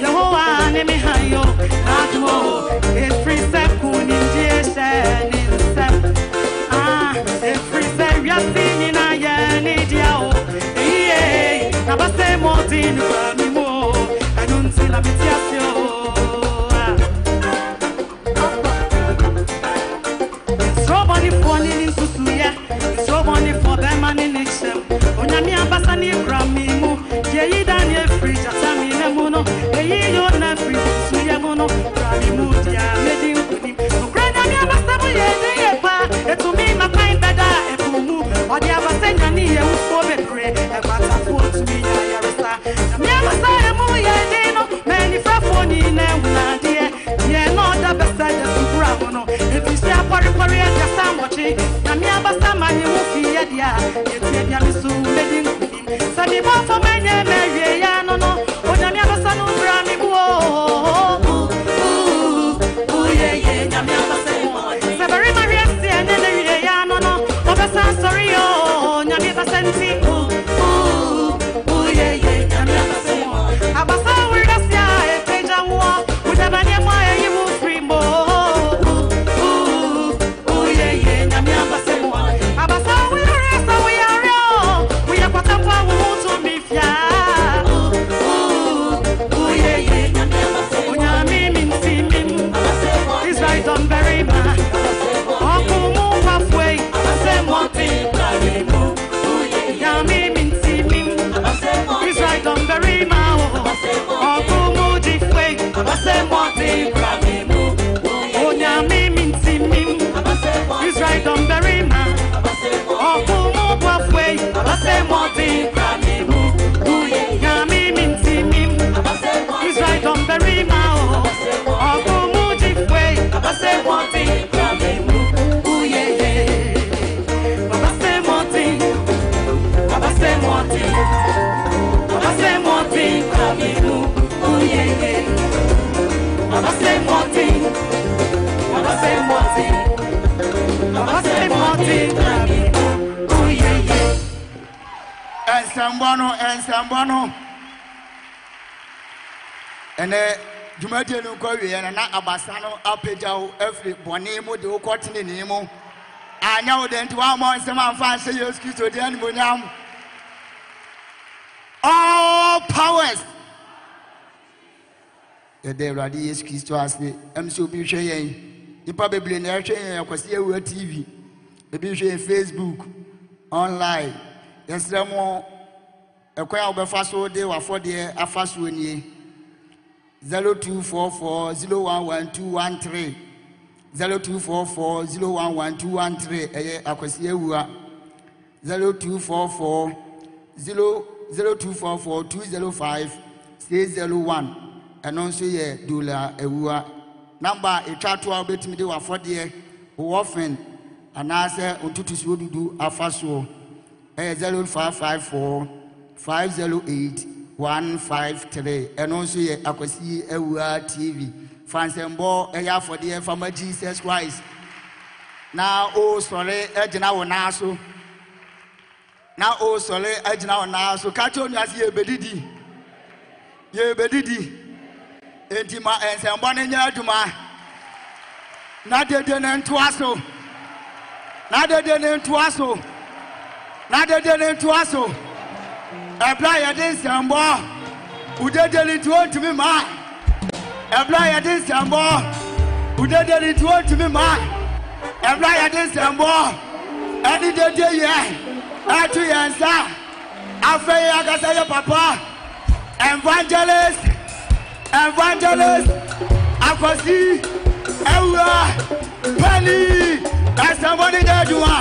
Yehowa ne mehayo atuo efiri sɛ kuni die hyɛ ah efiri sɛ wiase nyinaa yɛ ne dia o eyiye nabasɛ mɔti nukura mi mu o ɛnu nti nsɛmbɔ no ɛnɛ dwumadie no nkɔ wie no na abasa no apagya wo afiri bɔne mu de wo mu anyɛ wo deɛ nti woammɔ nsɛm amfa anhyɛ yesu kristo deɛ animonyam all powers yɛda awurade yesu kristo ase ɛm obi hwɛ yɛn nnipa bebree na ɛhwɛ yɛn ɛkwasi awura tv ebi hwɛ yɛn facebook online yɛsrɛ mo ɛkwan a wɔbɛfa so de w'afɔdeɛ afa so nie zero two four four zero one one two one three zero two four four zero one one two one three ɛyɛ akwasi ewua zero two four four zero zero two four four two zero five six zero one ɛno nso yɛ dola ewua namba a etwa to a wɔbɛtumi de w'afɔdeɛ wɔfin anaasɛ ntutusuo dudu afa soɔ ɛyɛ zero five five four. Five zero 508 153 ɛno nso yɛ akwasi awura tv fansɛmbɔ ɛyɛ afɔdeɛ fama jesus christ na ɔresɔre ɛgyina wɔn nan so na ɔresɔre ɛgyina wɔn nan so kakyɛ onua si yɛbɛdidi yɛbɛdidi eti ma nsɛmbɔ ne nyɛ adwuma na dede ne ntoa so na dede ne ntoa so na dede ne ntoa so ɛberɛ a yɛde nsɛmbɔ wodedeli nti wɔntumi ma ɛberɛ a yɛde nsɛmbɔ wodedeli nti wɔntumi ma ɛberɛ a yɛde nsɛmbɔ ɛne dede yɛ ɛto yɛn nsa afei akasa yɛ papa evangelist evangelist akwasi ewura pɛni ɛsɛmɔ ne dɛ adwuma.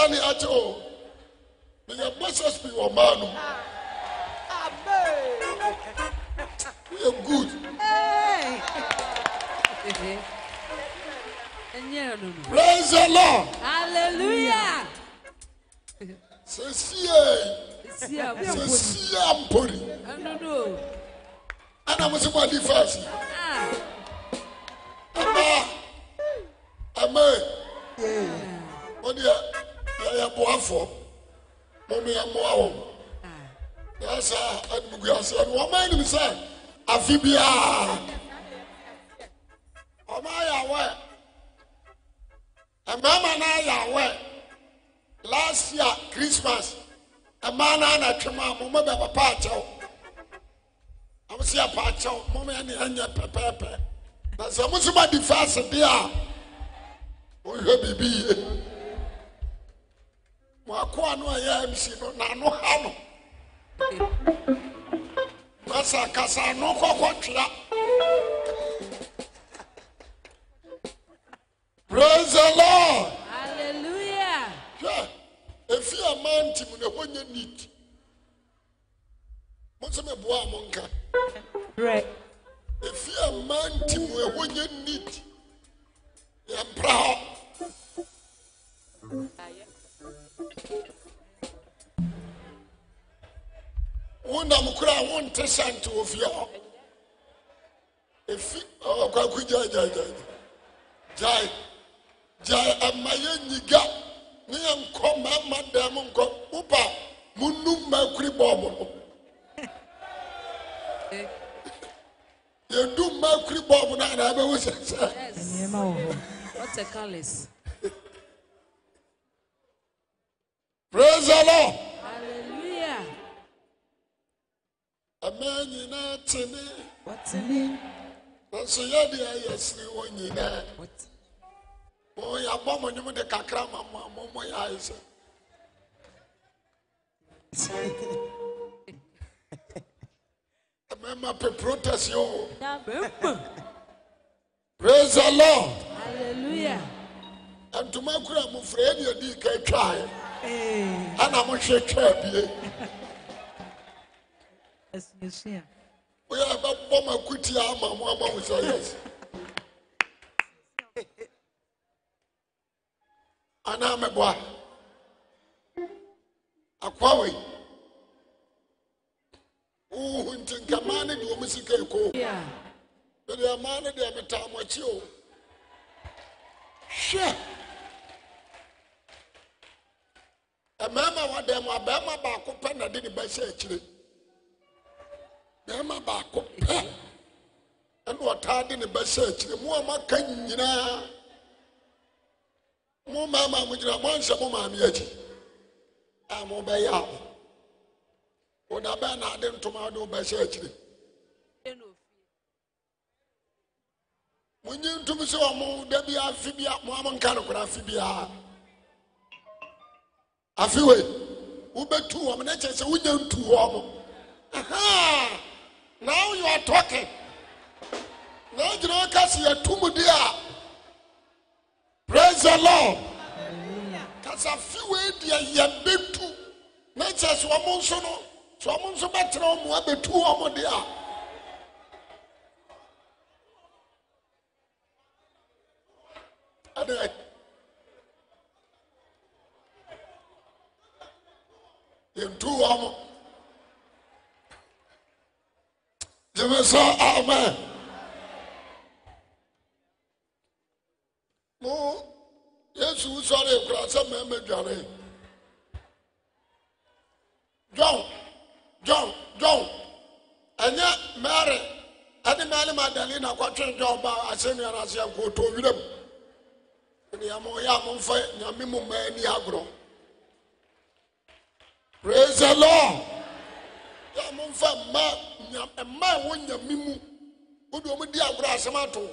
dani akyi o meyɛ moses bi wɔ maa no woyɛ good praise the lord hallelujah sɛ sie sɛ sie ampori ɛna mo se mo adi faasi ah. ɛma ɛma ɔdeɛ yɛ bo afɔ mɔmi yɛ mo awɔ ah. yasa adugu ase ɛnu wɔn anim sɛ afi biara wɔn ayɛ awɛ mmarima na ayɛ awɛ last year christmas mmaa na na twem a mo mo bɛ papa akyɛw wɔn si apa akyɛw mo mo yɛ ne ɛnyɛ pɛpɛɛpɛ na sɛ mo so ma di fa ase deɛ a wɔhwɛ yie. waako no a ɛyɛ mc no n'ano ha no kasa kasa no kɔkɔ twea praise the lord hallelujah hwɛ efi a maa nti mu na nyɛ neat mo nso mi mo nka efi a maa nti mu ɛhɔ nyɛ neat yɛn hɔ. wonam kora a wonte sante wɔ fie hɔ ɛfi ɔkwako gyae gyae gyae gyae gyae ama yɛnyiga ne yɛnkɔ mama dan mu nkɔ wopa monum makuri bɔɔbo no yɛdum bɔɔbo no anaa bɛwo praise the lord hallelujah ɛmɛ nyinaa tene wɔtene nanso yɛde ayɛsiri wɔ nyinaa wɔn yɛabɔ mo nwom de kakra ma mo a mo yɛ ayɛ sɛ mmarima pe protest yi o. praise the lord. hallelujah. ntoma kura mu fure ɛni edi ka etwa yi. ana mo hwɛ twɛ woyɛ ma ama mo ama mo sɛ yes anaa nti nka ne deɛ ɔm sika ɛkoo bɛdeɛ maa ne deɛ metaa o hwɛ mmarima wɔ dan mu a barima baako pɛ na de ne ba hyɛ akyire barima baako pɛ ɛna ɔtaa de ne ba hyɛ akyire mu a maka nyinaa mo mmarima a mogyina moanhyɛ mo maame akyi a mobɛyɛ a mo woda bɛɛ na ade ntoma de wobɛhyɛ akyire monyi ntom sɛ ɔmo da bi afe bi a mo amonka no koraa afe biara afi wei wobɛtu wɔn ne We sɛ wonya ntu wɔn now you are talking na gyina wɔka si yɛtu mu di a praise the lord kasa afi wei deɛ yɛbɛtu ne kyerɛ sɛ wɔn nso no sɛ wɔn nso bɛtena wɔn mu abɛtu wɔn di a. ɛna sɛ mɛɛmɛ dware john john john ɛnyɛ mary ɛne mary magdalena kɔtwene john ba asɛnnua no aseɛ nkɔɔtɔ wiram nneɛma ɔyɛ a momfa nyame mu mmaa ani agorɔ praise the lord yɛ momfa mmaa mmaa ɛwɔ nyame mu wode ɔmdi agorɔ asɛm atoo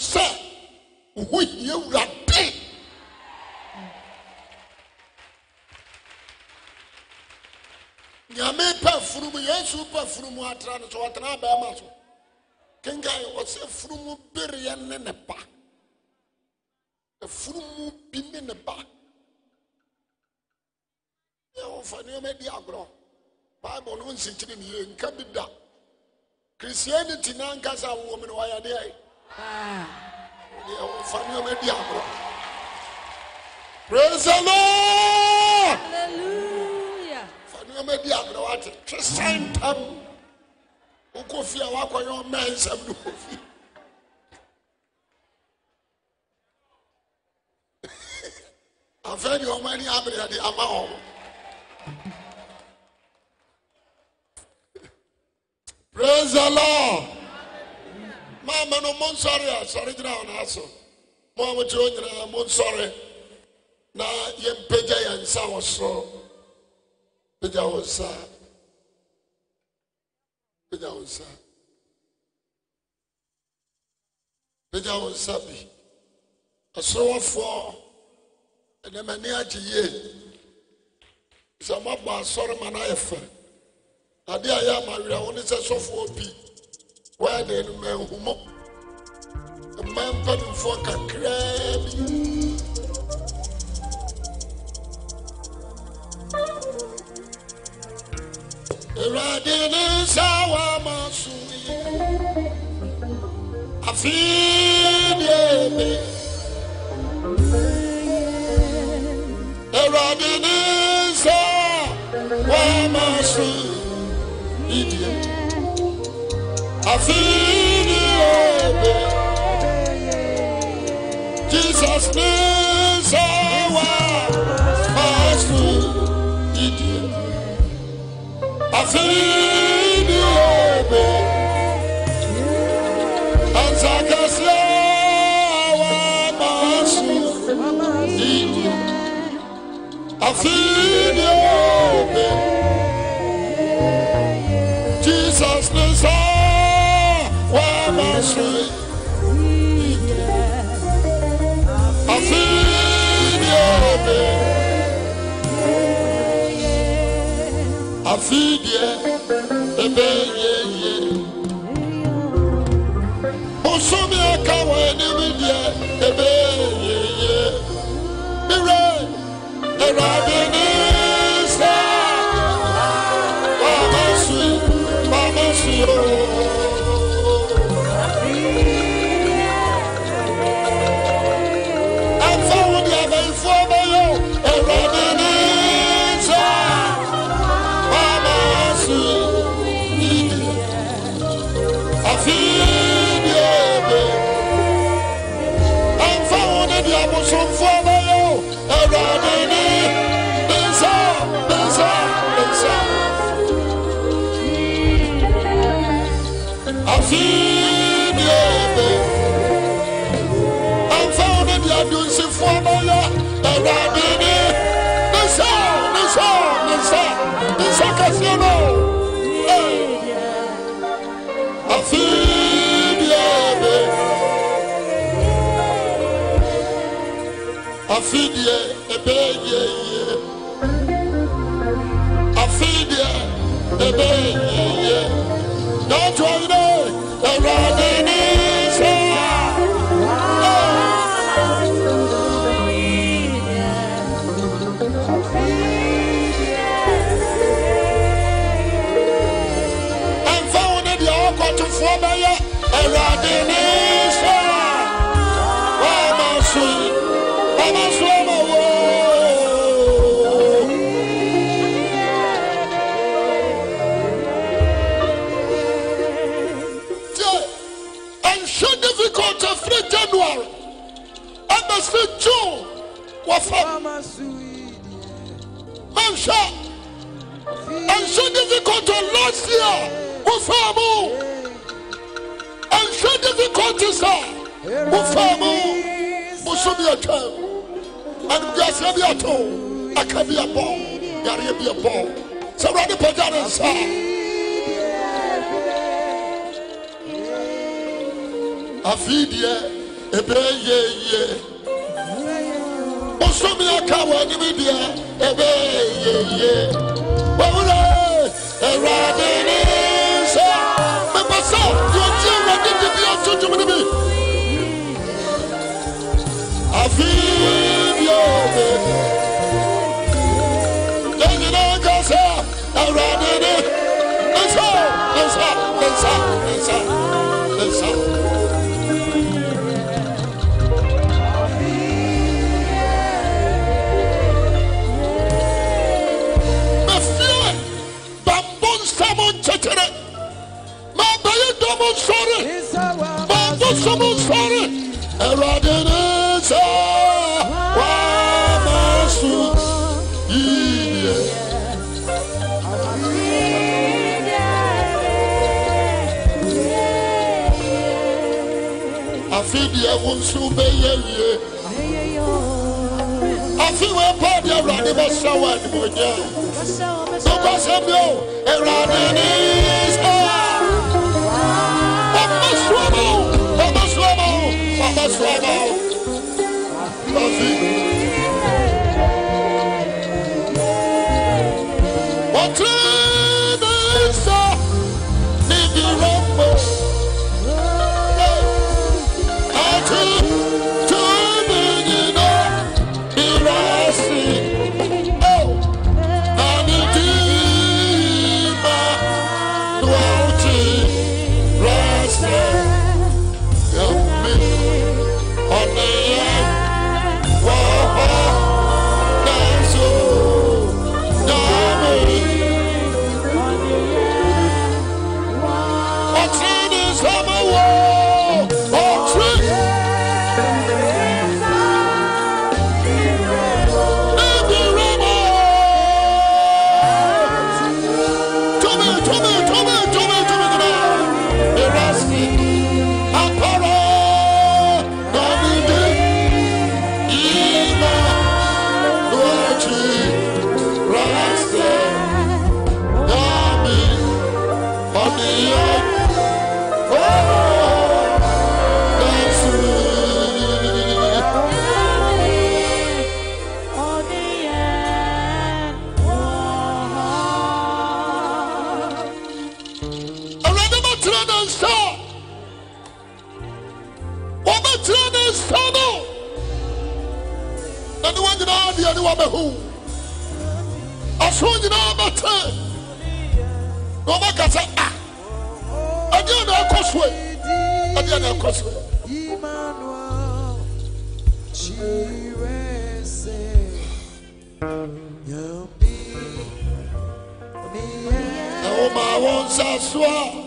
sɛ wo hia awurade nyame pɛ funumu yesu pɛ funumu atena ne so ɔtena bɛrima so kenkan ɔsɛ funumu bereɛ ne ne ba afunumu bi ne ne ba ne ɔfa nneɛma di agorɔ bible no nsikyiri ne yie nka bi da christianity nankasa wɔ mu no wɔyɛ deɛ praise the lord fa nneɛma di agorɔ wate ama wɔn praise the lord maama no monsɔre a sɔre gyina wɔn aso mo a mokyerɛ wɔn nyinaa monsɔre na yɛmpagya yɛn nsa wɔ soro pagya wo nsa pagya wo nsa pagya wo nsa bi asorofoɔ ɛnam ani agye yie sɛ moabɔ asɔre ma no ayɛ fɛ adeɛ a yɛ amawerɛ wo ne sɛ sɔfoɔ pii wɔayɛ no manhumɔ mmaa mpanimfoɔ kakraa bi awurade ne nsa wɔ ama so yi afei deɛ me awurade ne nsa wɔ ama so yi deɛ Afini ebe. Jesus means our fast food. Afini ebe. Anzakasle our masu. Afini. Nashville. afidie ebe yie yie bosomi aka wɔ anim die ebe yie yie ire ewurade ne. fidèle. sɛ wofaa mu boso bi atwam animguaseɛ bi ato aka bi abɔ yareɛ bi abɔ sɛ awurade pagya ne nsa afei deɛ ɛbɛyɛyɛ boso bi aka wɔ anim deɛ ɛbɛyɛyɛ wɔwurɛ awurade ne sɛ yɛgye awurade didi ato dwom no bi afei bio yɛn nyinaa ka sɛ awurade ne nsa nsa nsa nsa nsa sọmọ sọrọ bàtò sọmọ sọrọ ẹrọ adẹnẹ sọ wà má sùn yìí yẹ. afi deɛ wo nso bɛyɛ wie afi wo ɛpɔ deɛ awurade bɛsɛ wɔ animonyam nokwa sɛ bio awurade ne sɛ sọ ọmọ o. Joshua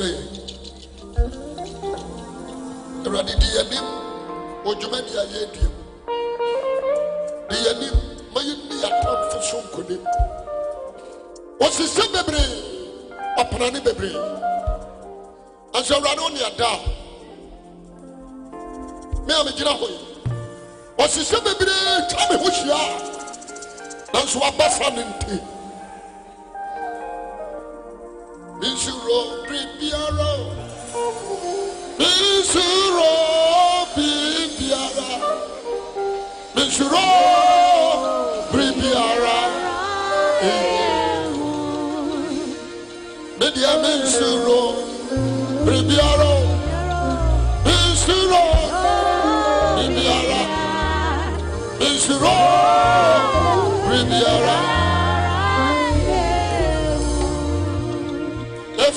kyerɛ yɛn awurade di yɛn nim odwuma di a yɛn dua mu di yɛn ma yɛn ni so nkonim osise bebree ɔpena bebree nso awurade wɔn yɛ da me a megyina hɔ yi osise bebree twa me ho hyia nanso waba fa ne nti ìṣòro bíbí ara ìṣòro bíbí ara ìṣòro bíbí ara bíbí ẹ̀mí ìṣòro bíbí ara ìṣòro bíbí ara ìṣòro bíbí ara.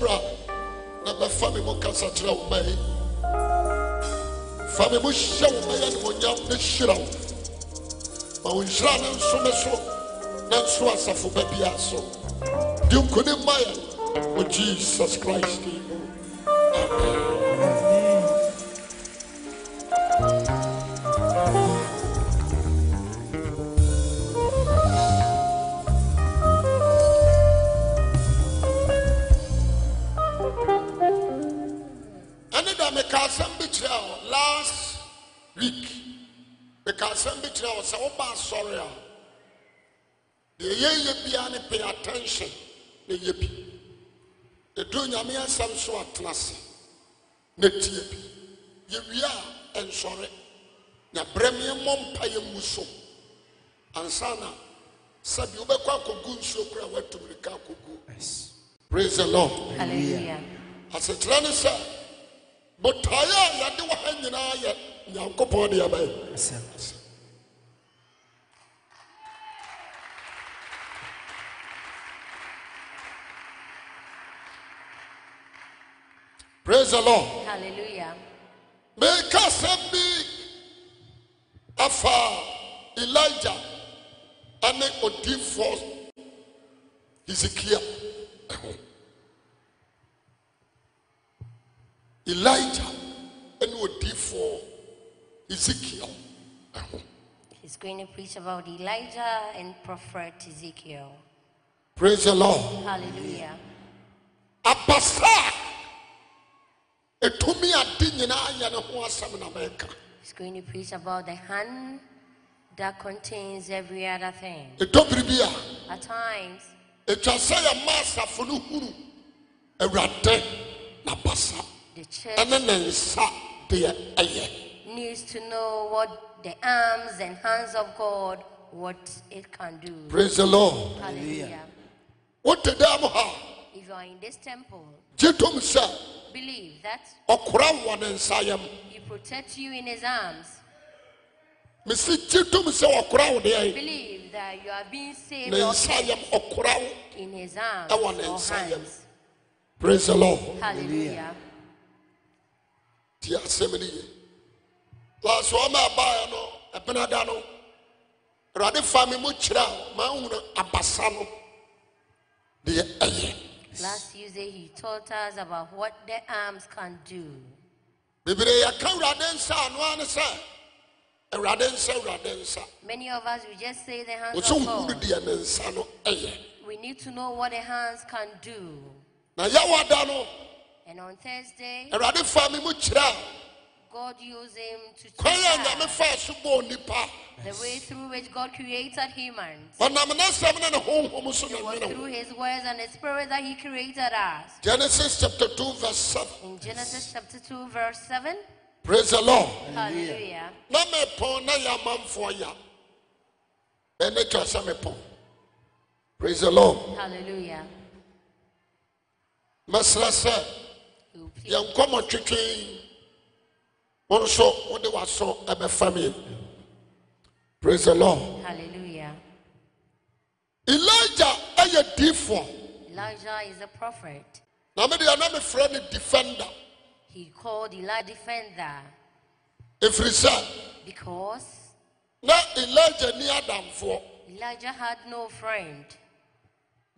bra na mɛfa me mu kasa kyerɛ wo ma yi fa me mu hyɛ wo ma yɛ animonyam ne hyira wo ma wo nhyira ne nsome so ne nso asafo ba bia so di nkoni ma yɛ wɔ jesus christ amen meka asɛm bi kyerɛ wo last week meka asɛm bi kyerɛ wo sɛ woba asɔre a deɛ yɛyɛ biara ne pay attention na yɛ bi ɛduru nyame asɛm so atena ase na tie bi yɛwie a ɛnsɔre na berɛ meɛmmɔ mpa yɛ mu so ansa na sɛbi wobɛkɔ akɔgu nsuo kora woatu mirika akɔgu praise the lord asekyerɛ ne sɛ botaeɛ ha nyinaa yɛ de praise the lord hallelujah meka sɛm afa elija ane odifoɔ hesekia ɛho Elijah ɛne odiifoɔ Ezekiel He's going to preach about Elijah and prophet Ezekiel. Praise the Lord. Hallelujah. Abasa etumi adi nyinaa yɛ ne ho He's going to preach about the hand that contains every other thing. At times. Etwa sɛ yɛ maa asafo no huru the church needs to know what the arms and hands of God what it can do. Praise the Lord. Hallelujah. What did If you are in this temple, believe that he protects you in his arms. Believe that you are being saved in his arms. Praise the Lord. Hallelujah ti no da no fa mu kyerɛ a abasa no ɛyɛ Last Tuesday, he told us about what the arms can do. Many of us, we just say the hands of God. We need to know what the hands can do. And on Thursday, God used him to teach us the way through which God created humans. It was through his words and his spirit that he created us. Genesis chapter two verse seven In Genesis chapter 2, verse 7. praise the Lord Hallelujah. na mepɔn na yɛ amanfoɔ ya ɛnɛ twa sɛ mepɔn praise the Lord Hallelujah. mɛsrɛ yɛn komo twitwi wɔn sọ wɔde waso ɛbɛfam yɛ praise the lord hallelujah elijah ɛyɛ diifoɔ elijah is a prophet na mi de yɛn defender he called elijah defender efiri because na elijah ni adamfoɔ elijah had no friend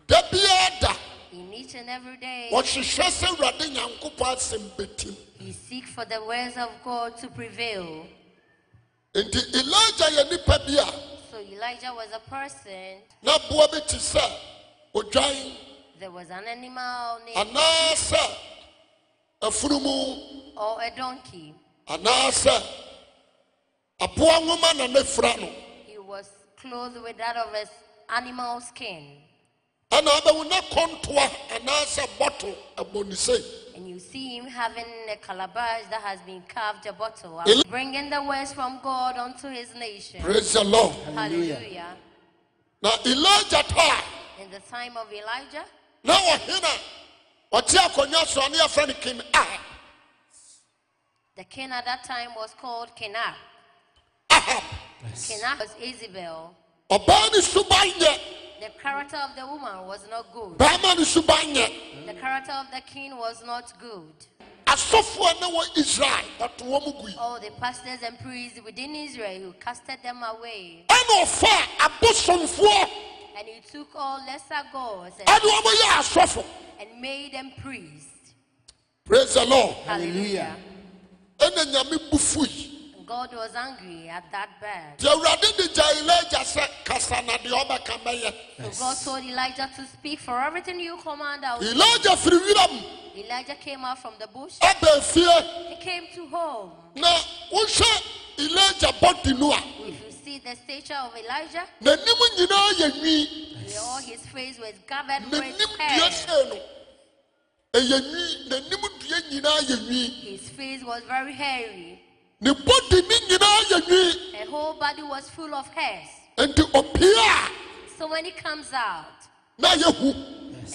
dabi ada in each and every day. ɔhwehwɛ sɛ awurade nyankopɔn asɛm bɛtim He seek for the words of God to prevail. nti elija yɛ So Elijah was a person. There was an animal named or a donkey. He was clothed with that of an animal skin. And will not come to bottle And you see him having a calabash that has been carved a bottle, bringing the words from God unto his nation. Praise the Lord. Hallelujah. Now Elijah, in the time of Elijah, now the king at that time was called Kenar. Ahab. Yes. was Isabel. The character of the woman was not good. The character of the king was not good. All the pastors and priests within Israel who casted them away. And he took all lesser gods and, and made them priests. Praise the Lord. Hallelujah. God was angry at that bird. So God told Elijah to speak for everything you command. I Elijah Elijah came out from the bush. He came to home. Now, Elijah bought the Noah see the stature of Elijah. Yes. All his face was covered with hair. His face was very hairy. The body ne nyinaa yɛ nwi. Her whole body was full of hairs. Nti opia. So when it comes out. Na yɛ hu.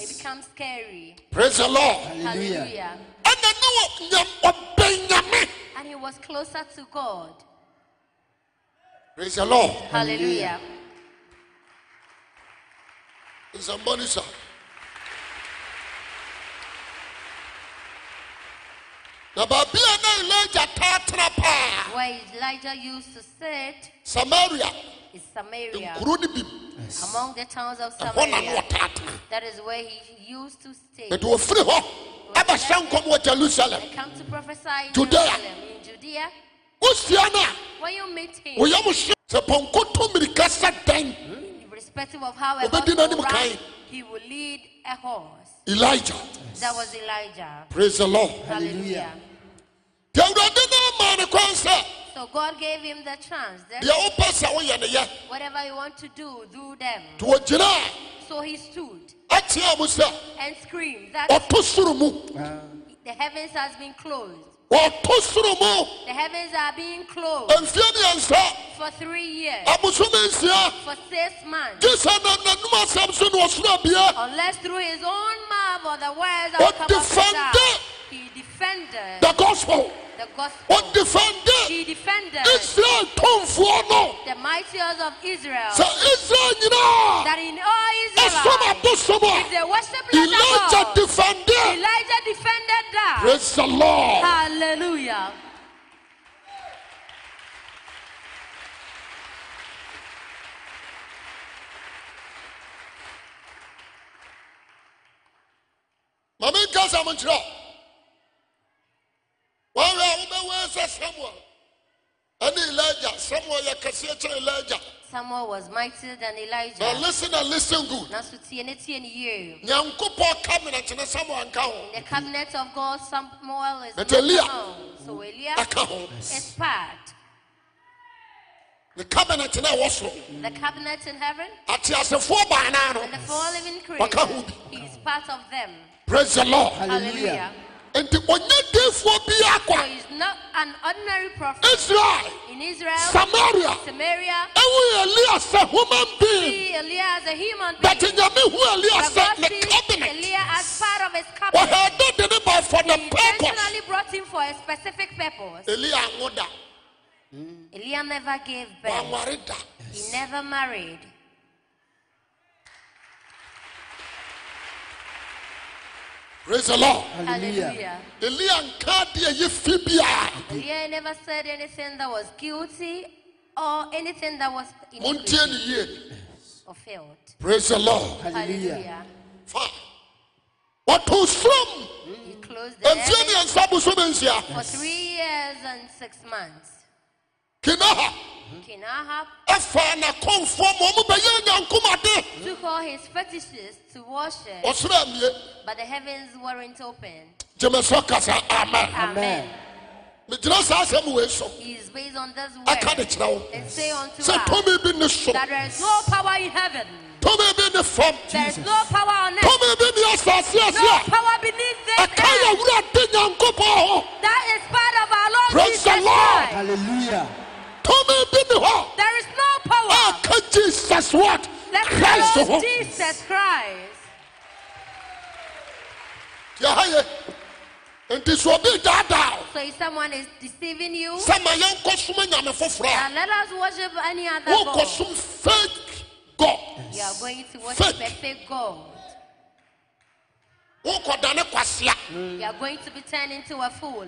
It becomes scary. Praise the Lord. Hallelujah. Ɛna ne wɔ nyam ɔbɛn nyame. And he was closer to God. Praise the Lord. Hallelujah. Is somebody sir? Now, Babi Elijah pa. Where Elijah used to sit. Samaria. Is Samaria. Yes. Among the towns of Samaria. That is where he used to stay. But was free ho. Aba shankom Jerusalem. Come to prophesy in Judea. In Judea. Usiana. When you meet him. to den. Irrespective of how a he will lead a horse. Elijah. Yes. That was Elijah. Praise the Lord. Hallelujah. Hallelujah. So God gave him the chance. Whatever you want to do, do them. So he stood and screamed that the heavens has been closed. The heavens are being closed for three years, for six months, unless through his own mouth or the words that come out, he defended the gospel. The gospel. What defended? She defended Israel tomfoɔ The mightiest of Israel. So Israel nyinaa. That in all Israel. Ɛsɔm abosomo. worship the Lord. Elijah defended. Elijah defended that. Praise the Lord. Hallelujah. Mami nka wɔn a wɔbɛwɔ sɛ samuel ɛne elijah samuel yɛ kɛseɛ kyɛn elijah. Samuel was mightier than Elijah. Now listen and listen good. In the cabinet of God, Samuel is not alone. So Eliah is part. The cabinet in heaven. The cabinet in heaven. And the four living creatures. He is part of them. Praise the Lord. Hallelujah. Hallelujah nti onye deefoɔ bi akwa. is not an ordinary prophet. israel. in israel. samaria. samaria. ewu elia as a human being. see elia as a human being. but in hu elia as a ne cabinet. elia as part of his cabinet. ɔhɛɛdɔ de ne ba for the purpose. he brought him for a specific purpose. elia anwoda. Mm. Elia never gave birth. Yes. He never married. Praise the Lord. Hallelujah. Elia never said anything that was guilty or anything that was or failed. Praise the Lord. Hallelujah. Five. What was from? He closed the for three years and six months. Kinaha. Kinahab took all his fetishes to worship, but the heavens weren't open. Amen. Amen. megyina saa asɛm wei so aka de kyerɛ wo sɛ tumi bi ne so tumi bi No power tumi bi ne asase ase a ɛka yɛ wura de praise the lord hallelujah tumi bi ni hɔ. there is no power. Oh, ka jesus what. let Christ ho. jesus christ. And this will be bí dáadáa. so if someone is deceiving you. sama yẹn kọ súnmọ́ nyàmé foforọ. and let us worship any other god. wọ́n kọ sún fake god. you are going to worship fake. a fake god. wọ́n kọ dání kwasia. you are going to be turned into a fool.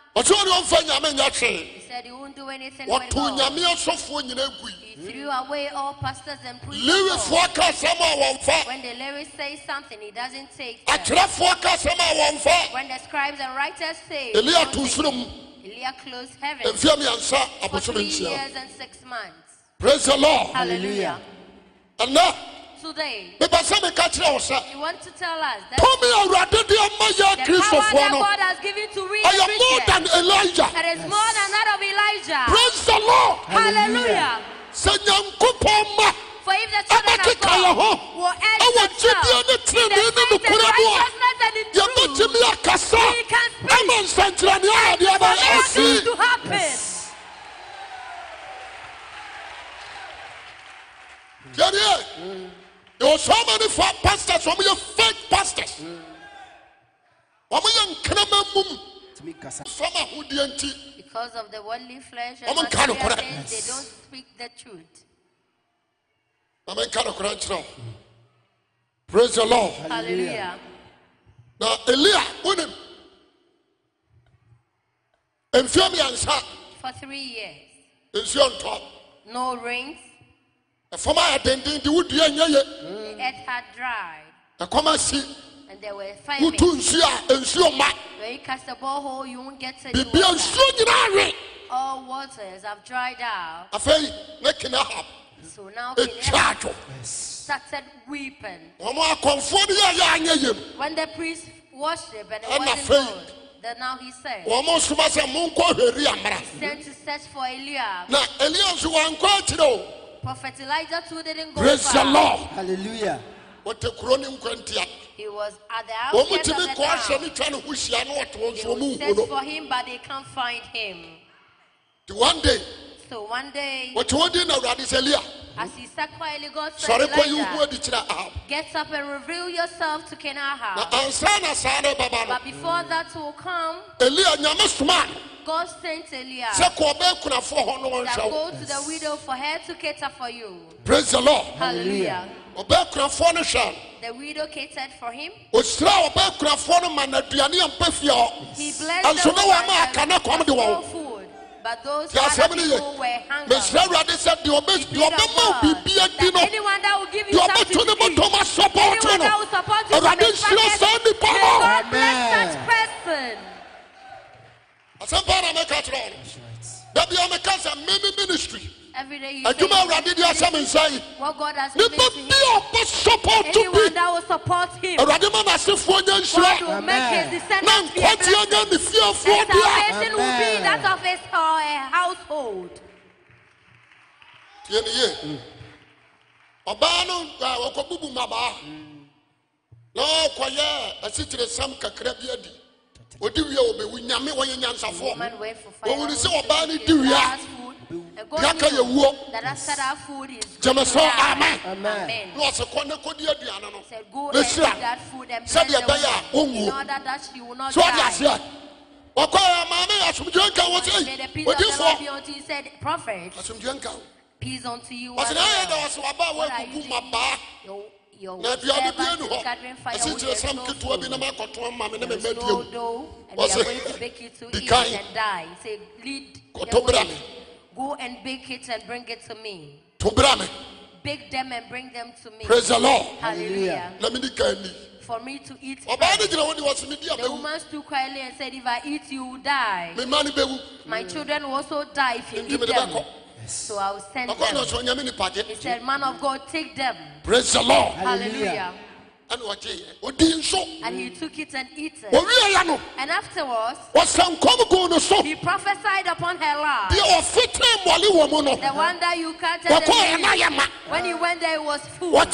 When the ɔmfa and nyɛ hwee wɔto nyame asɔfoɔ nyina gui lewifoɔ ka asɛm a wɔmfa akyerɛfoɔ ka asɛm a wɔmfa elia to soro three years and six months. praise the lord Allah. today. Bíbá sẹ́ mi ká kyerẹ́ ọ̀sẹ̀. You want to tell us that. Tómi Awurade di ọmọ yẹ Kristofoɔ no. The power that God has given to real Christians. Ẹyẹ more than Elijah. It is more than that of Elijah. Praise the Lord. Hallelujah. Sẹ Nyankopɔn ma. For if the children of God will end themselves in the faith and righteousness and in truth, we can speak and for miracles to happen. Get it? Mm. There were so many pastors, some of your fake pastors. Because of the worldly flesh and the they don't speak the truth. Mm. Praise the Lord. Hallelujah. Now, Elia, win him. For three years. No rings. ɛfam ayɛ denden de wo dua nyɛ yɛ. the earth had dried. ɛkɔm asi. and there were wotu nsuo a nsuo ma. when you cast a borehole you won't get any water. bibi nsuo nyinaa re. all waters have dried out. afei ne kene ha. so now e kene ha. adwo. started weeping. wɔn yɛ yɛ anyɛ yɛm. when the priest worship and it wasn't good. Then now he said. sent to search for Eliab. Na Eliab sọ wọn kọ́ ẹ̀kyẹ̀rẹ̀ o. Prophet Elijah too didn't go Praise far. the Lord. Hallelujah. What kuro ne nkwantia He was tumi kɔ ahyɛ ne twa ne ho hyia for him but they can't find him. the one day. So one day, wɔtwe you na as he quietly, God said, Elijah, wo ahab get up and reveal yourself to King Ahab. But before that will come, elia God sent Elias that go to the widow for her to cater for you. praise the lord Hallelujah. The widow catered for him. no ɔsira ɔbɛ kunafoɔ He blessed the ɛnso ti asɛm no yɛ mesrɛ awurade sɛ deɛ ɔbɛma wo biribia di no deɛ ɔbɛto ne bɔtɔm asɔpɔɔto no awurade nhyira saa nnipa no asɛm pa na mɛka kyerɛ wo no da bia meka sɛ meme ministry every day you adwuma awurade de ahyɛ me nsa yi nipa bi ɔbɛ support bi awurade ma n'asefoɔ nye nhyira na nkwagyeɛ nye ne fiefoɔ dea tie ne ye ɔbaa no wɔkɔ bubu mmabaa na ɔkɔyɛ asikyiresiam kakra bi adi odi wia wɔbɛwu nyame wɔyɛ nyansafoɔ wɔwuri sɛ ɔbaa no di wia yɛaka yɛwuo gyeme so amen na ɔsɛ kɔ ne kɔdi aduane no bɛhyira sɛdeɛ ɛbɛyɛ a wonwuo so ɔde aseɛ ɔkɔ ɛ maame asomdwoe nka wɔ sɛ odifoɔ asomdwoe nka ɔsɛ na ɛyɛ dɛ ɔsɛ waba a woakuku mabaa na aduane bia nu hɔ ɛsi kyerɛ sam ketewa bi na makɔtoa ma me ne memmadiawu ɔsɛ di kan kɔtɔ bra me Go and bake it and bring it to me. To brame. Bake them and bring them to me. Praise the Lord. Hallelujah. Let me for me to eat. The woman stood quietly and said, If I eat, you will die. My children will also die if you eat them. So I will send them. He said, Man of God, take them. Praise the Lord. Hallelujah. And he took it and ate it. And afterwards, he prophesied upon her life. The one that you counted. When he went there, it was food. When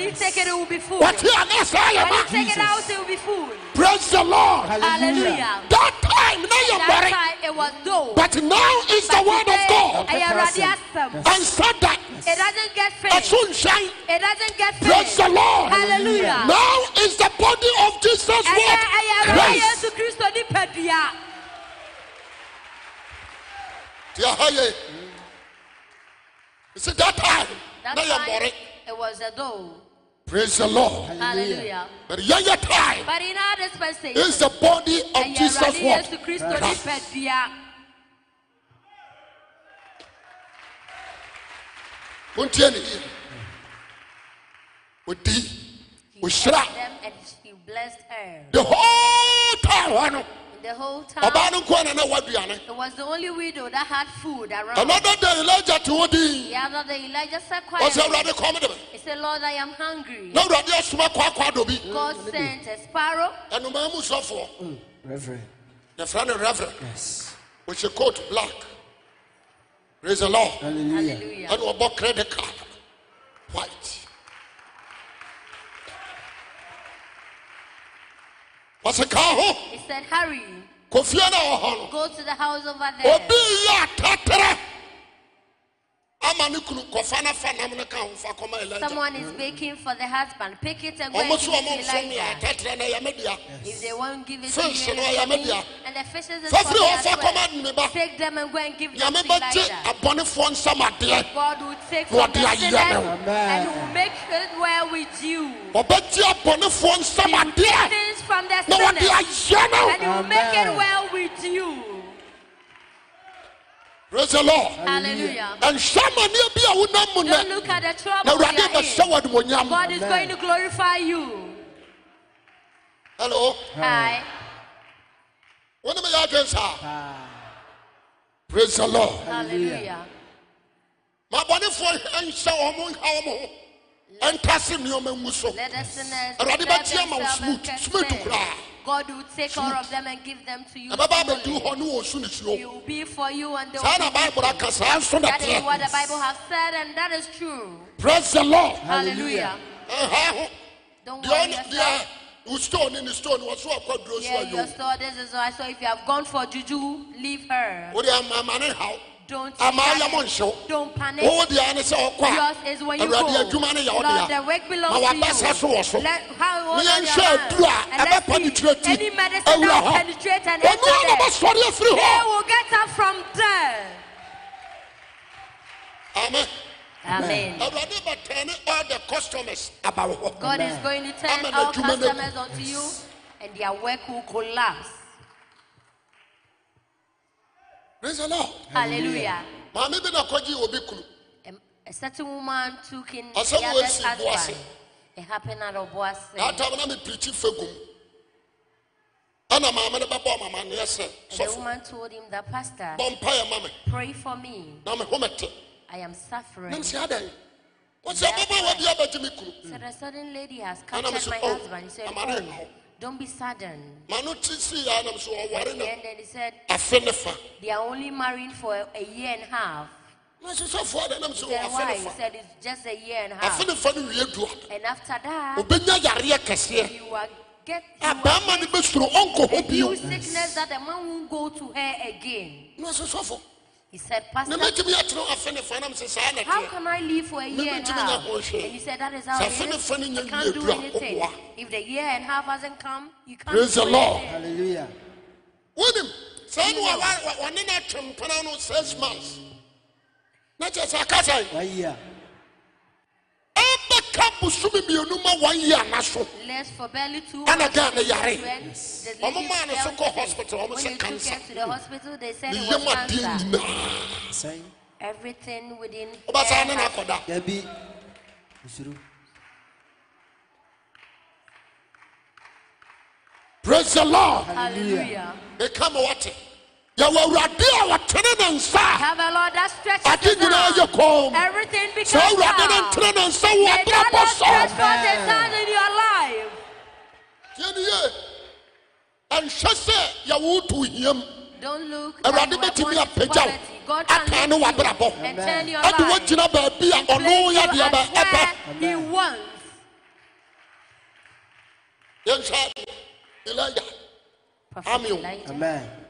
he take it, it will be food. When he take it out, it will be food. Praise the Lord. Hallelujah. That time, that time it was though. But now is the word of God. And said that. It doesn't get finished. It doesn't get finished. Praise the Lord. God. Hallelujah. Now is the body of Jesus what? Christ. You see that time? That time it was a door. Praise the Lord. Hallelujah. But yeah, yeah, time. But in our dispensation, it's the body of Jesus. What? Christ. Christ odi ohyira the whole time hɔ no ɔbaa no nkoa na na waduane another day elijah to wo din ɔsɛ awurade kɔm de me na awurade asoma kwakwaa dɔ bi ɛnomaa mu sɔfoɔ yɛfrɛ no reverend ɔhyɛ coat black praise the lord ɛne ɔbɔ credit card white wɔsɛ ka ho kɔfie no wɔ hɔ no obi yɛ atatera Someone is baking for the husband. Pick it and go and give it to Elijah. If they won't give it to you, and the fishes is for Take them and go and give them to Elijah. God will take from the and will make it well with you. He will take things from the sinners and he will make it well with you. Praise the Lord. Hallelujah. And Shamania be a woman. Don't look at the trouble. you are God is going to glorify you. Hello. Hi. What am I against her? Praise the Lord. Hallelujah. My body for and so on how more. And passing your man was so. Let us in know. Smooth, smooth to cry. God will take so, all of them and give them to you. He will be for you and Bible That is what the Bible has said and that is true. Praise the Lord. Hallelujah. Hallelujah. Don't worry Stone in the stone was so quadro. Yeah, you stone. this is why. So if you have gone for juju, leave her. Don't Don't panic. ama ayɛ mo nhyew wowo deɛ ne sɛ ɔkɔ a awurade adwuma ne yɛ wo dea ma waba sa so wɔ so ne yɛnhwɛ adu a ɛbɛpa ne tuati awura hɔ ɔno a na bɛsɔre afiri hɔ amen Amen. Amen. all the customers about God is going to turn all customers onto you, and their work will collapse. Praise the Lord. Hallelujah. Maame bi na kɔgye obi kunu. A certain woman took in the other's husband. It happened at Obuasi. Na atam na mi pirikyi fegum. Ɛna maame ne bɛbɔ mama ne ɛsɛ. And the woman told him that pastor. Bɔ yɛ mami. Pray for me. Na mi home te. I am suffering. Nam adan. Wɔsi ababa wa bi abɛgye mi kunu. So the sudden lady has captured my oh, husband. He said, Oh. Don't be sudden. And then he said, They are only married for a year and a half. Then why? He said it's just a year and a half. And after that, you are get abɛɛma no bɛsuro ɔnkɔ hɔ sickness that a man won't go to her again he said, Pastor, how can I live for a year now? And he said, That is how it is. I can't do anything. If the year and half hasn't come, you can't Praise do anything. the Lord. Hallelujah. With him. Send one in a trim, six months. Not just a castle. abɛka bosome mmienu ma wɔn yi ana so ɛna gaa ne yare wɔn maa ne so kɔ hospital wɔn sɛ cancer ne yam adeɛ nyinaa ɔbɛsa ne na akɔda. praise the lord. hallelujah. meka ma wate. yɛwɔ a wɔtene ne nsa ade nyinaa yɛ kɔn sɛ awurade no ntene ne nsa wɔ abrabɔ sɔ tiɛni ɛnhwɛ sɛ yɛwo to hiam awurade bɛtumi apagya wo aka ne wabrabɔ ade woagyina baabi a ɔno yɛdeɛ bɛ ɛpɛ yɛnhwɛ elaya amio amen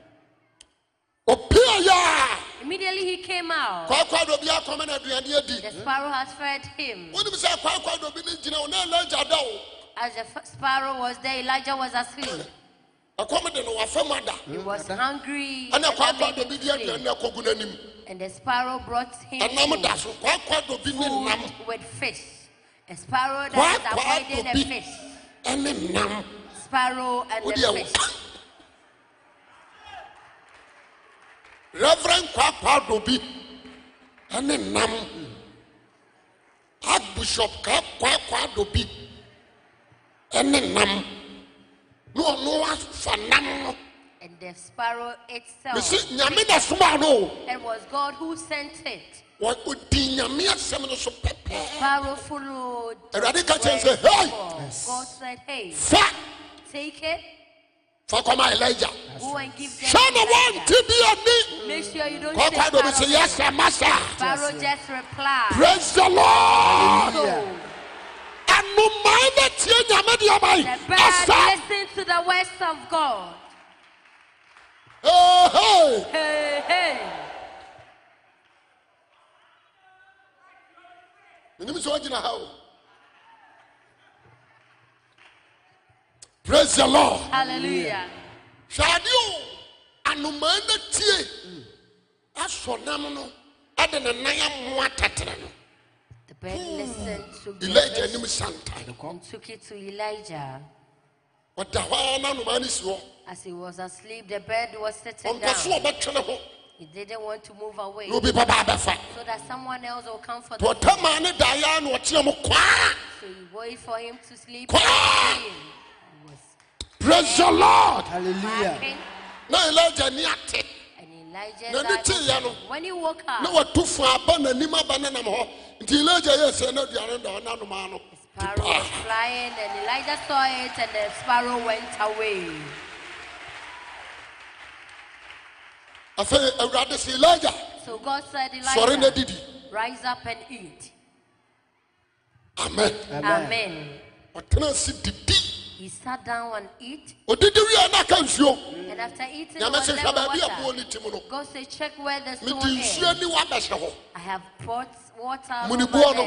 Immediately he came out. The sparrow has fed him. As the sparrow was there, Elijah was asleep. He was hungry. And, and, the sparrow brought him food, food with fish. A sparrow that is avoiding a fish. Sparrow and the fish. reverend kwakwado bi ɛne nam archbishop kwakwado bi ɛne nam na ɔno afa nam And the sparrow itself. And was God who sent it. ɔdi nyame asɛm no so pɛpɛ awurade ka kyɛn sɛ Take it. fakɔma elija sɛ na wɔnte bi ani kɔkɔ dobi sɛ yes amasa praise the lord anomaa na tie nyame deɛ ɔba yi asa Hey, hey. Hey, hey. Menim sɛ ɔgyina ha o. praise the lord hallelujah Shall you, o anomaa no tie asɔ nam no ɛde ne nan The bird hmm. listened to Elijah nim santa. Took it to Elijah. Ɔda the a n'anomaa no si As he was asleep, the bed was sitting down. He didn't want to move away. So that someone else will come for the So he waited for him to sleep. Praise the Lord. Hallelujah. Now Elijah niate. When he woke up, no what too far banana banana. Elijah yes, and eh, no the sparrow was flying, and Elijah saw it, and the sparrow went away. I say, rather eh, see Elijah. So God said, Elijah, rise up and eat. Amen. Amen. Amen. He sat down and ate. And after eating, water, God said, Check where the stone is. I have poured water over there.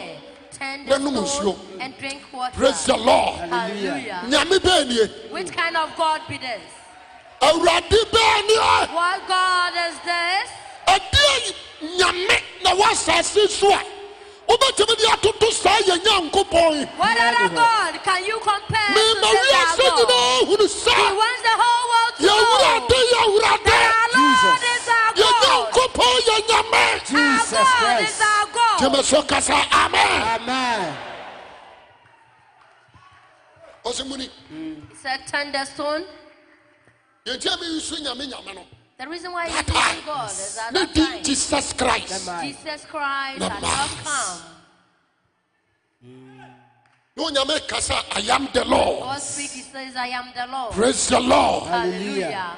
Turn the stone and drink water. Praise the Lord. Hallelujah. Which kind of God be this? What God is this? wobɛtumi de you saa yɛ your mema your nyinaa hunu sa yɛwurade yɛwurade Jesus, nyankopɔn yɛ nyame gyeme so kasa amen ɔsɛ muni yɛntia me nso nyame nyame no the reason why you didn't God, is that maybe time, Jesus Christ. Jesus Christ had not come. Onyame kasa, I am the Lord. God speak, he says, I am the Lord. Praise the Lord. Hallelujah.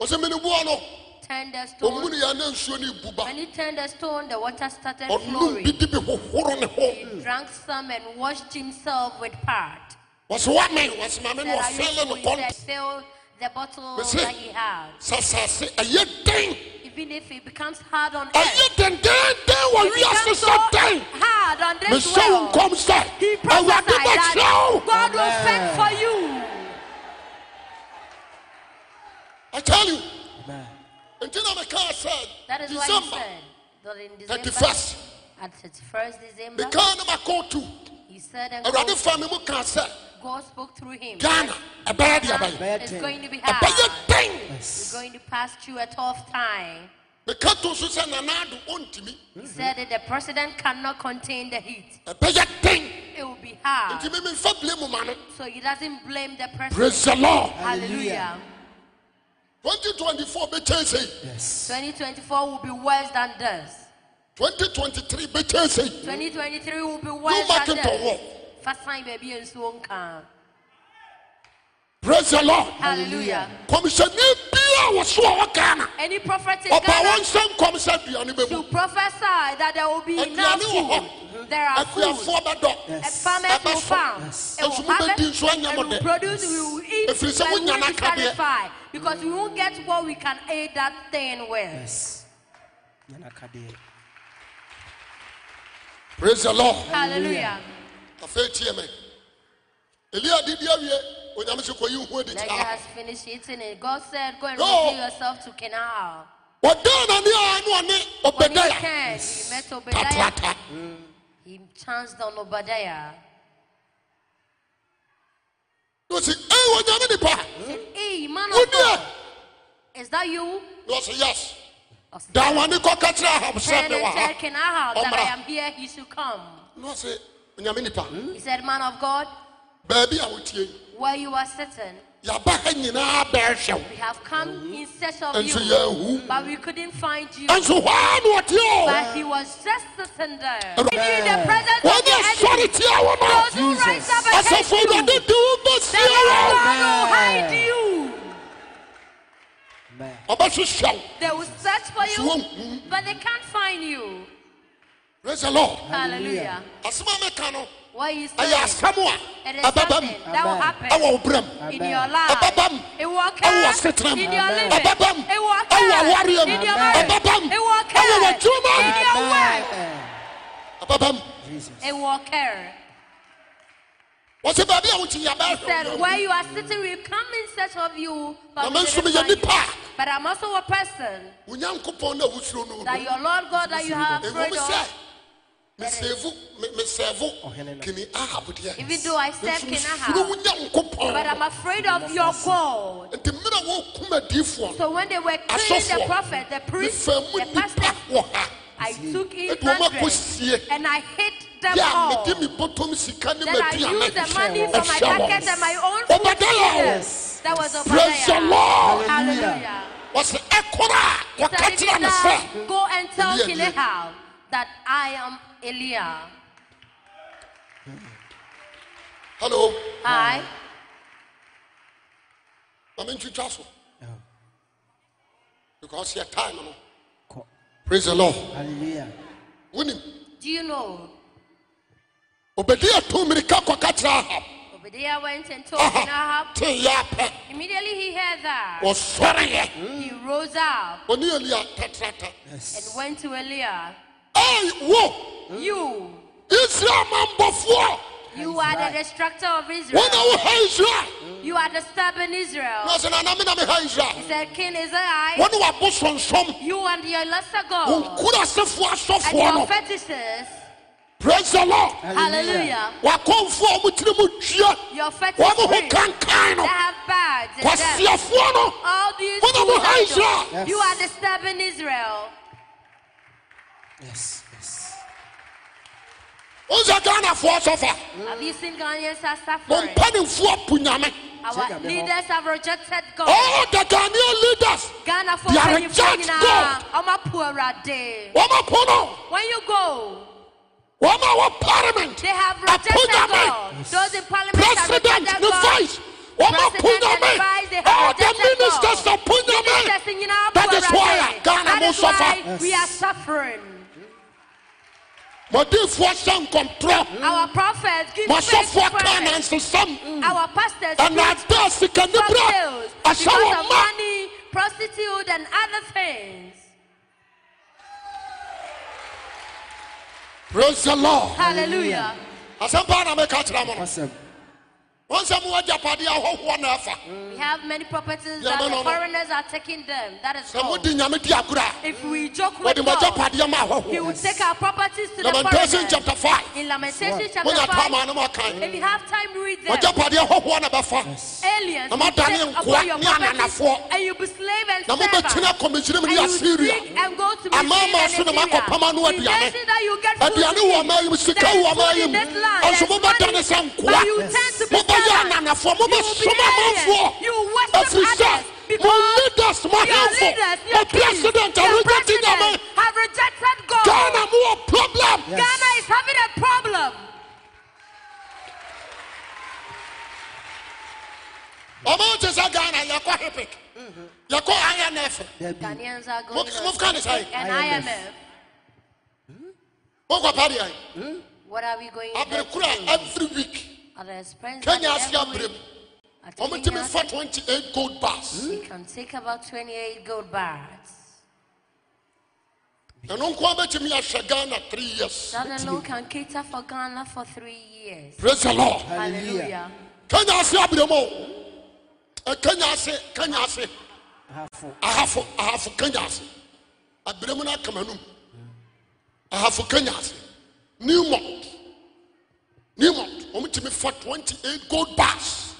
Hallelujah. Turned the stone. When he turned the stone, the water started flowing. He drank some and washed himself with part. Was woman was mamma was failing the bottle Mese, that he had. Are you den. Even if it becomes hard on aye earth. you den den den what wi have so den. Hard on this world. Mese wo nkom sa. He prophesied that God will fend for you. I tell you. Amen. Until the am car said. That is December. what he said. That in December. 31st. At 31st December. The car number called to. He said and called. Already family mo God spoke through him. Ghana, a bad It's going to be hard. A bad thing. It's going to pass through a tough time. He said that the president cannot contain the heat. It will be hard. So he doesn't blame the president. Praise the Lord. Hallelujah. 2024 yes. 2024 will be worse than this. 2023 2023 will be worse than this ɛmfa san baabi yɛ nsuo nkaa praise the lord hallelujah kɔmsɛni bia wɔ so a ɔkaa na any prophet in ghana ɔba wɔn nsɛm kɔmsɛ duane bɛ mu to prophesy that there will be enough food there are food akuafoɔ bɛ dɔ farmers will farm ewu harvest and will produce we will eat efiri sɛ wo nyana kadeɛ because we won't get what we can eat. that thing with yes. praise the lord hallelujah. hallelujah afei tie me elia didi God said, Go and reveal yourself to Canaan. ɔdaa nane a ne ɔne Obadiah. Hmm. He chanced on Obadiah. Eh, he said, hey, what you mean, pa? Hey, man of God. Is that you? He said, yes. That one, you go catch Rahab. that I am here. He should come. He said. Hmm? He said, man of God. Where you are sitting. We have come hmm? in search of you, but we couldn't find you. But he was just sitting there. In the presence of the enemy, those who rise up against you, the Lord will hide you. They will search for you, but they can't find you. Praise the Lord. Hallelujah. Asuma meka no. What you say? Ɛyɛ asɛm a ɛbɛba mu. That will happen. Ɛwɔ obira mu. In your life. Ɛbɛba mu. It will occur. In your living. It will occur. In your marriage. It will occur. In your work. It will occur. He said where you are sitting we come in search of you. Na mẹ́ nsúmi But I'm also a person. That your Lord God that you have afraid of. Even oh, though I serve King Ahab, but I'm afraid of your God. So when they were killing the prophet, the priest, the pastor, I took in and I hit them all. Then I used the money from my pocket and my own food. That was Praise the Lord. Hallelujah. He said, go and tell King Ahab that I am Eliah. Hello. Hi. I'm in Chichaso. Because your time. No? Praise the Lord. Hallelujah. Winning. Do you know? Obadiah told me to Ahab. Obadiah went and told Ahab. Ahab. Immediately he heard that. Was sorry. He rose up. Yes. And went to Eliah. I who? You. Israel man before You are the destructor of Israel. When Israel? You are disturbing Israel. No, He said, King Israel. When You and your lesser God. And your fetishes. Praise the Lord. Hallelujah. Your What fetish that have bags and death. All these you are disturbing Israel. Yes, yes. Who's a Ghana for suffer? Have you seen Ghanaians are suffering? Our leaders have rejected God. All oh, the Ghanaian leaders, Ghana for they are reject God. God. When you go, our parliament, they have rejected God. Those in parliament President, have rejected God. Vice. Wama punyame, all ah, the ministers are of punyame. That is why Ghana will suffer. Yes. We are suffering. Our give hyɛ nkɔmtorɔ masɔfoɔ kaa nansesɛm ɛna ada sikaniberɛ ahyɛ wɔ money, prostitute and other things. Praise the Lord. Hallelujah. Asɛmpa na meka kyerɛ mo no. We have many properties that the foreigners are taking them. That is all. If we joke with God, He will take our properties to the foreigners. chapter 5. In Lamentation chapter 5, if you have time, read them. Yes. Aliens will take upon your properties and you'll be slave and servant. And you seek and go to Missouri and Nigeria. The nation that you get food to eat, there is food in this land, there is but you tend to be moyɛ ananafoɔ mobɛsom amanfoɔ ɛfiri sɛ mo leaders mo ahemfo mo president are rejecting nyame ghana mowɔ problem Ghana is having a problem. ɔmo te sɛ ghana yɛkɔ hepic yɛkɔ imf mofa ne sɛ mokɔpadeɛ aberekora every week Kenya has Asia Brim. Omo timi for 28 gold bars. You can take about 28 gold bars. And unko abetimi ahwe Ghana 3 years. That alone can cater for Ghana for 3 years. Praise the Lord. Hallelujah. Kenya has Asia Brim o. Oh. Eh, Kenya Asia, Kenya Asia. I Ahafo, ahafo Kenya Asia. Abrem I have for Kenya New month. Newmont, me for 28 gold bars.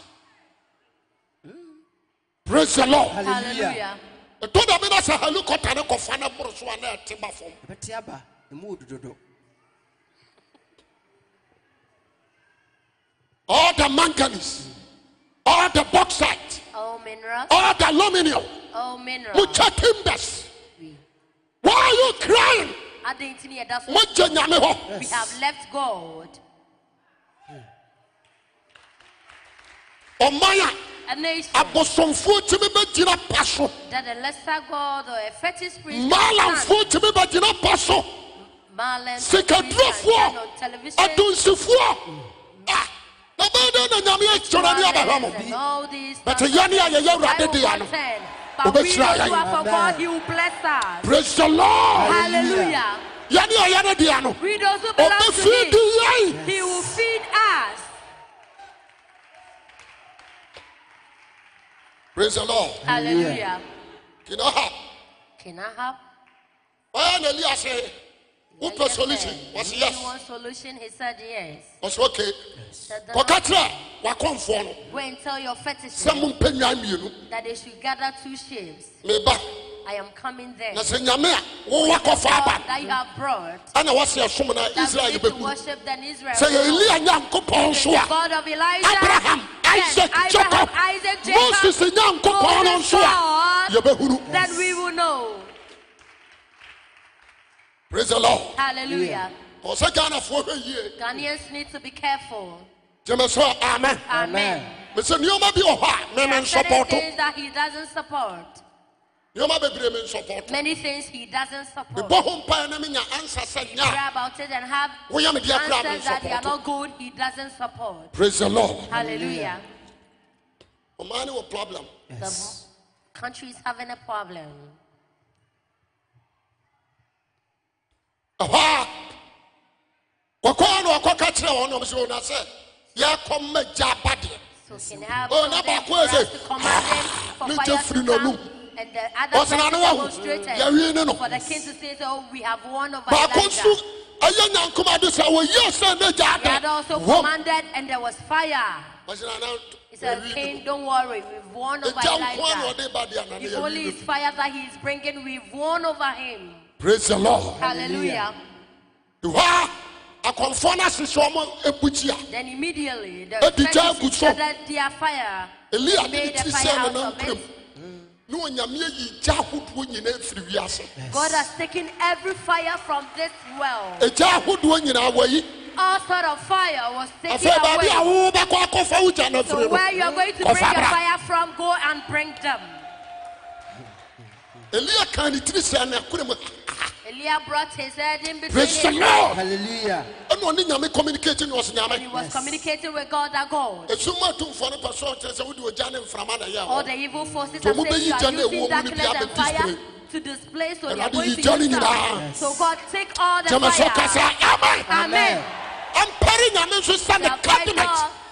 Praise the Lord. Hallelujah. ɛtɔ da bi na sɛ hali kɔta ne kɔfa ne boro so a ne ɛte ba fam. ɛbɛte aba all the manganese all the bauxite all, oh, minerals. all the aluminium all oh, minerals. mucha timbers oui. why are you crying. adé ntini yɛ da so. we have left God. ɔman a abosomfoɔ tumi bɛgyina pa so maalamfoɔ tumi bɛgyina pa so sikadurofoɔ adonsifoɔ a na But dɛn a nyame akyerɛ ne abɛhwɛ mo bɛte yɛne a yɛyɛ awurade dea no obɛhyira yɛn praise the lord hallelujah yɛne a yɛne dea no ɔbɛfidi yɛn praise the lord hallelujah I kinahab why na Elias say who per solution was yes you want solution he said yes was okay kokatra wa konfo no go and tell your fetish say mun that they should gather two sheaves me ba I am coming there. that you have brought. ɛna wɔse ɛsom na that we israel need to yɛbɛku worship than Israel. sɛ yɛ elia the God of Elijah, abraham isaac Abraham, jacob Isaac, Jacob, moses nyankopɔn no Moses' God, yɛbɛhunu we will know. praise the lord Hallelujah. ɔ Ghanaians need to be careful. gyeme so a amen Amen. mesɛ nneɔma bi wɔ hɔ a meme There that he doesn't support. Many things he doesn't support. If cry about it and have answers that they are not good, he doesn't support. Praise the Lord. Hallelujah. Omani will problem. Yes. The country is having a problem. Aha. wɔkɔɔ na wɔkɔ ka kyerɛ wɔn nom sɛ ona sɛ yɛakɔma gya abadeɛ ɔna baako ɛ sɛ megya firi n'anom and the other person demonstrated for the king to say, "Oh, we have won over Elijah. He had also commanded and there was fire. He said, King, don't worry, we've won over Elijah. It's only his fire that he is bringing, we've won over him. Praise the Lord. Hallelujah. Then immediately the church gathered their fire. Elijah made a fire out of it. God has taken every fire from this well. All sort of fire was taken away. So where you are going to bring your fire from, go and bring them. Eliah brought his head in between. Praise the Lord. Hallelujah. And when he communicating was Nyame. He was yes. communicating with God that God. All the evil forces are saying you are using darkness and fire to display so they are going to use yes. So God take all the fire. Amen. Amen. I'm praying. I'm in the cabinet.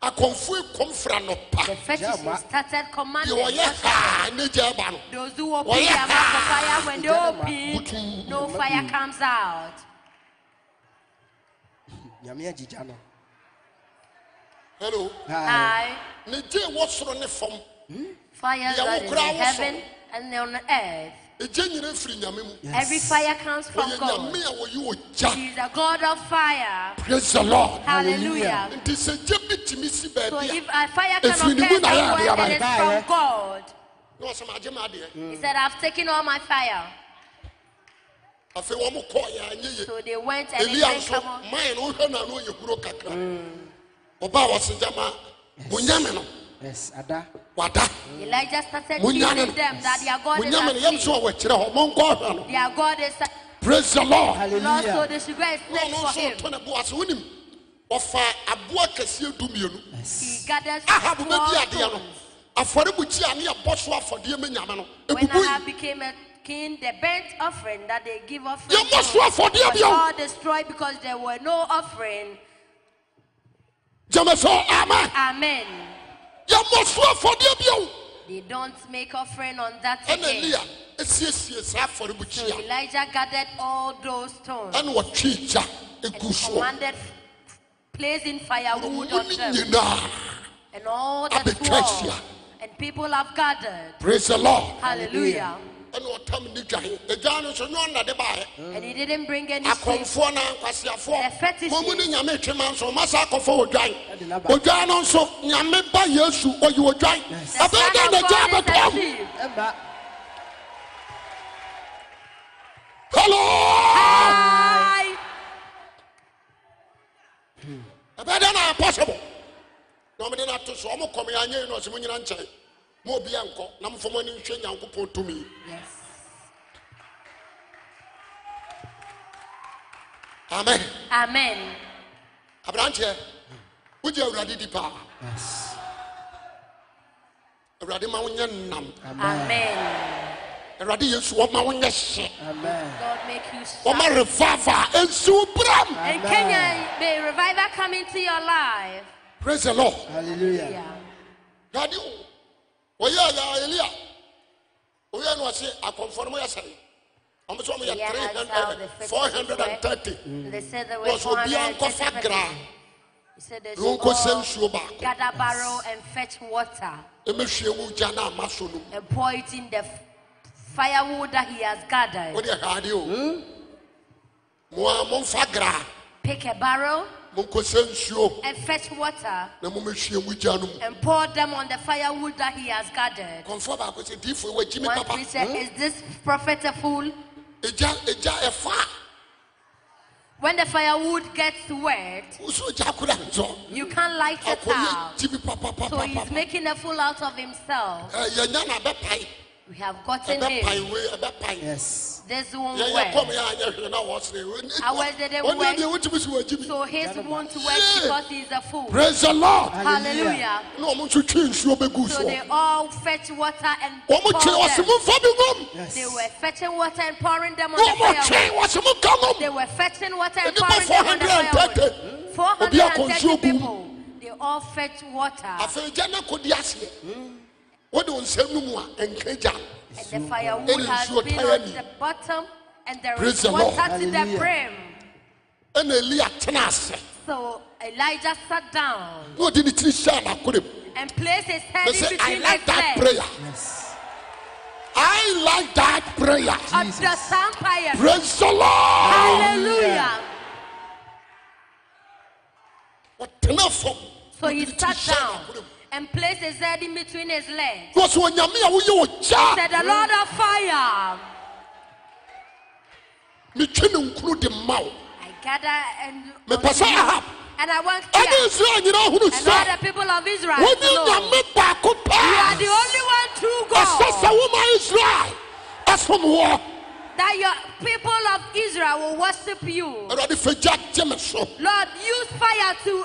akɔnfo ekɔm fira pa. started commanding. yɛ wɔyɛ haa ne jɛ ba no. those who open their fire when they open no fire mm. comes out. jija no. hello. hi. ne jɛ wɔ soro ne fam. Hmm? fire god is in heaven and on earth. Every fire comes from God. He is a God of fire. Praise the Lord. Hallelujah. So if a fire cannot come from God. He said, I've taken all my fire. So they went and they didn't come on. Mm. Yes, Ada. Wada. Elijah started killing them that their God is asleep. Their God is Praise the Lord. Hallelujah. Lord, so they should go and search for him. Ọfà abúlé kẹsíẹ dumienu. Ahabu bẹ di adiẹ no. Afọributi a ni ẹbọ so afọdiẹ mi nyame no. Ebubu a king the burnt offering that they give offering yeah, to was all destroyed because there were no offering. Amen. Amen. They don't make offering on that day. So Elijah gathered all those stones and commanded placing firewood on them. And all the and people have gathered. Praise the Lord. Hallelujah. ɛna ɔtam ne dwae egya no nso nyɛ ɔna de baayɛ. and he didn't bring any sheep. akɔnfoɔ na nkwasiafoɔ. the fetish sheep. wɔn mu ni nyame twema nso wɔn asa akɔfɔ odwan. odwan no nso nyame ba yesu oyi odwan. abɛɛ dɛ na gya abɛtɔm. hello. abɛɛ dɛ na possible. na wɔn de na to so wɔn kɔmi anyi na ɔsi mu nyina nkyɛn. mo Namu ankɔ na mo fɔm ani nhwɛ yes. amen. amen. aberanteɛ wogye awurade di paa. yes. awurade ma wonyɛ nam. amen. amen. God make you wonyɛ hye. Wɔma revival nsiw bram. And Kenya may revival come into your life. Praise the Lord. Hallelujah. Awurade o. wɔyɛ ayaa elia wɔyɛ no ɔse akɔmfo no mo yɛ sɛre ɔmo sɛ ɔmo yɛ three hundred mm. four hundred and thirty wɔsɛ obiara nkɔfa graa ronko sɛ nsuo baako ɛmɛhwie wo gya no ama so no mu firewood that he has gathered. What do you have? Hmm? Pick a barrel. and fetch water and pour them on the firewood that he has gathered. One priest hmm? Is this prophet a fool? When the firewood gets wet, you can't light it out. So he's making a fool out of himself. Eh, we have gotten him. Yes. This won't work. So his won't work because he's a fool. Praise the Lord. Hallelujah. So they all fetch water and pour them. Yes. They were fetching water and pouring them on the firewood. They were fetching water and pouring them on the firewood. 430 people. They all fetch water. you What do Mm and the firewood has been on the bottom, and there is is water the to the brim. And Elijah tenase. So Elijah sat down. No, did And placed his head in between I like that prayer. Yes. I like that prayer. Of the vampire. Praise the Lord. Hallelujah. What So he sat down and placed his head in between his legs. He said, The Lord of fire. I gather and. me And I want to and all the people of Israel. You are the only one true God. woman As That your people of Israel will worship you. Lord, use fire to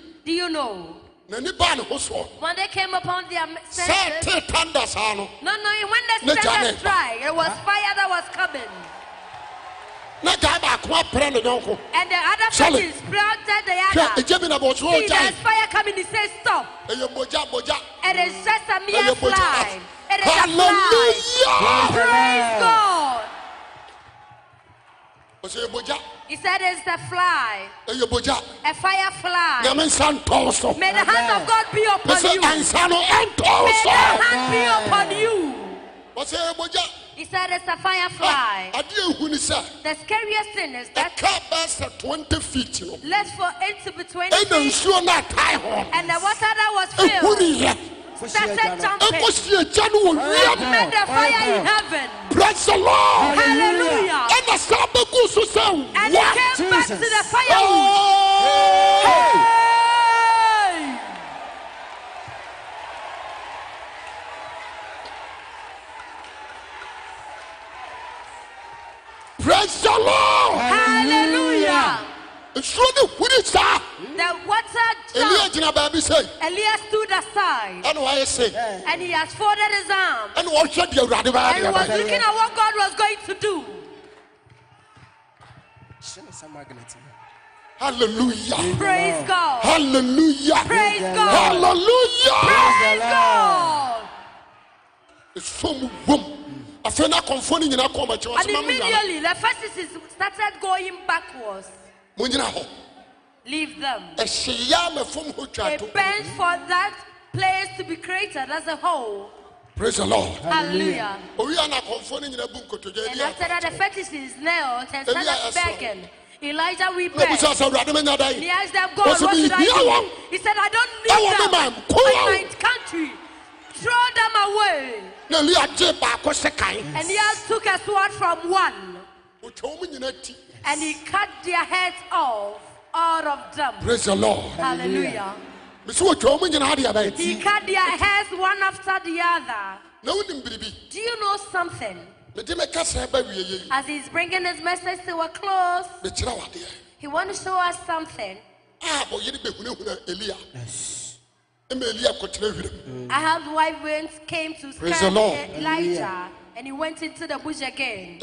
Do you know? When they came upon their senses, No, no. when the thunder strike, it was fire that was coming. And the other person sprouted the other. See, there's fire coming. He says, Stop. It is just a mere fly. It is Hallelujah. a fly. Praise God. He said it's the fly. Eh, a firefly. May the hand of God be upon you. May the hand be upon you. He said it's a firefly. Ah, the scariest thing is that car burst at 20 feet. Less for 8 to be 20 eh, feet. And the water that was filled started jumping. God made a fire in heaven. Praise the Lord. Hallelujah. And he came back to Praise the Lord nsuo bi huri the water jumped. Eliya gyina baabi sɛ. Eliya stood aside. and he has folded his arms. And he di and was looking at what God was going to do. Hallelujah. Praise God. Hallelujah. Praise God. Hallelujah. Praise God. It's from womb. And immediately the first started going backwards leave them A ma for that place to be created as a whole Praise the Lord. Hallelujah. And after that, the fetishes nailed and started begging. Elijah wept. He asked them, God, what should I do? He said, I don't need them. My country, throw them away. And he took a sword from one. And he cut their heads off, all of them. Praise the Lord. Hallelujah. He cut their heads one after the other. Do you know something? As he's bringing his message to a close, he wants to show us something. Ah, yes. Ahab's wife went, came to scare Elijah, and he went into the bush again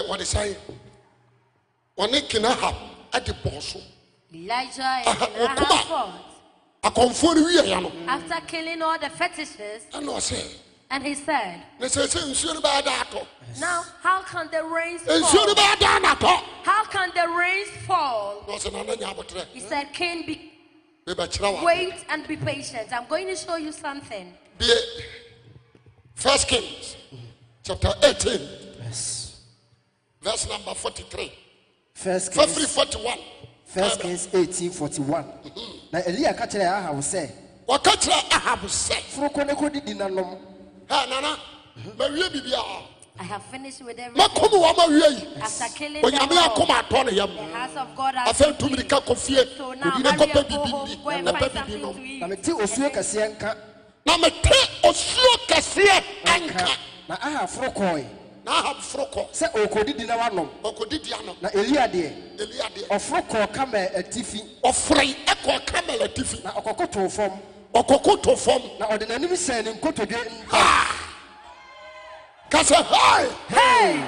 wɔde sae wɔne kenahab have at eh, the wɔkoma Elijah ah, and wieɛ ah, no after killing all the fetishes ɛna ɔsɛ And he said, Now, how can the rains fall? How can the rains fall? Eh. He said, Cain, be, wait and be patient. I'm going to show you something. First Kings, chapter 18. verse number forty three. First Kings, forty one. First Kings 18 41. Na Eliya ka kyerɛ Ahab sɛ. Wɔka kyerɛ Ahab sɛ. Foroko ne ko didi nanom. Ha nana. Ma bibi biribiara. I have finished with everything. Makomi wa ma wie yi. After killing them all. Onyame akoma atɔ ne yam. The house of God has been. Afɛn tumuni ka kɔ fie. So now Maria go home go and find something to eat. Na mi ti osuo kɛseɛ nka. Na mi ti osuo kɛseɛ nka. Na Ahab foroko yi na ahab foro kɔ. sɛ ɔkɔdidi na wanom. ɔkɔdidi anom. na eliya deɛ. eliya deɛ. ɔforo kɔ kamel atifi. ɔforo ɛkɔ kamel atifi. na ɔkɔkɔ to fam. ɔkɔkɔ to fam. na ɔde n'anim sɛn ne nkotodwe. kasa hayi. hayi.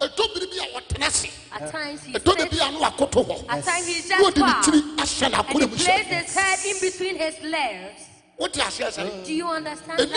ɛtɔ biri bi a wɔtena se. ɛtɔ de a no akoto hɔ. n'o de ne tiri ahyɛ n'akoro mu sɛ. and he placed his head in between his legs. o ti a se ɛsɛ. do you understand that.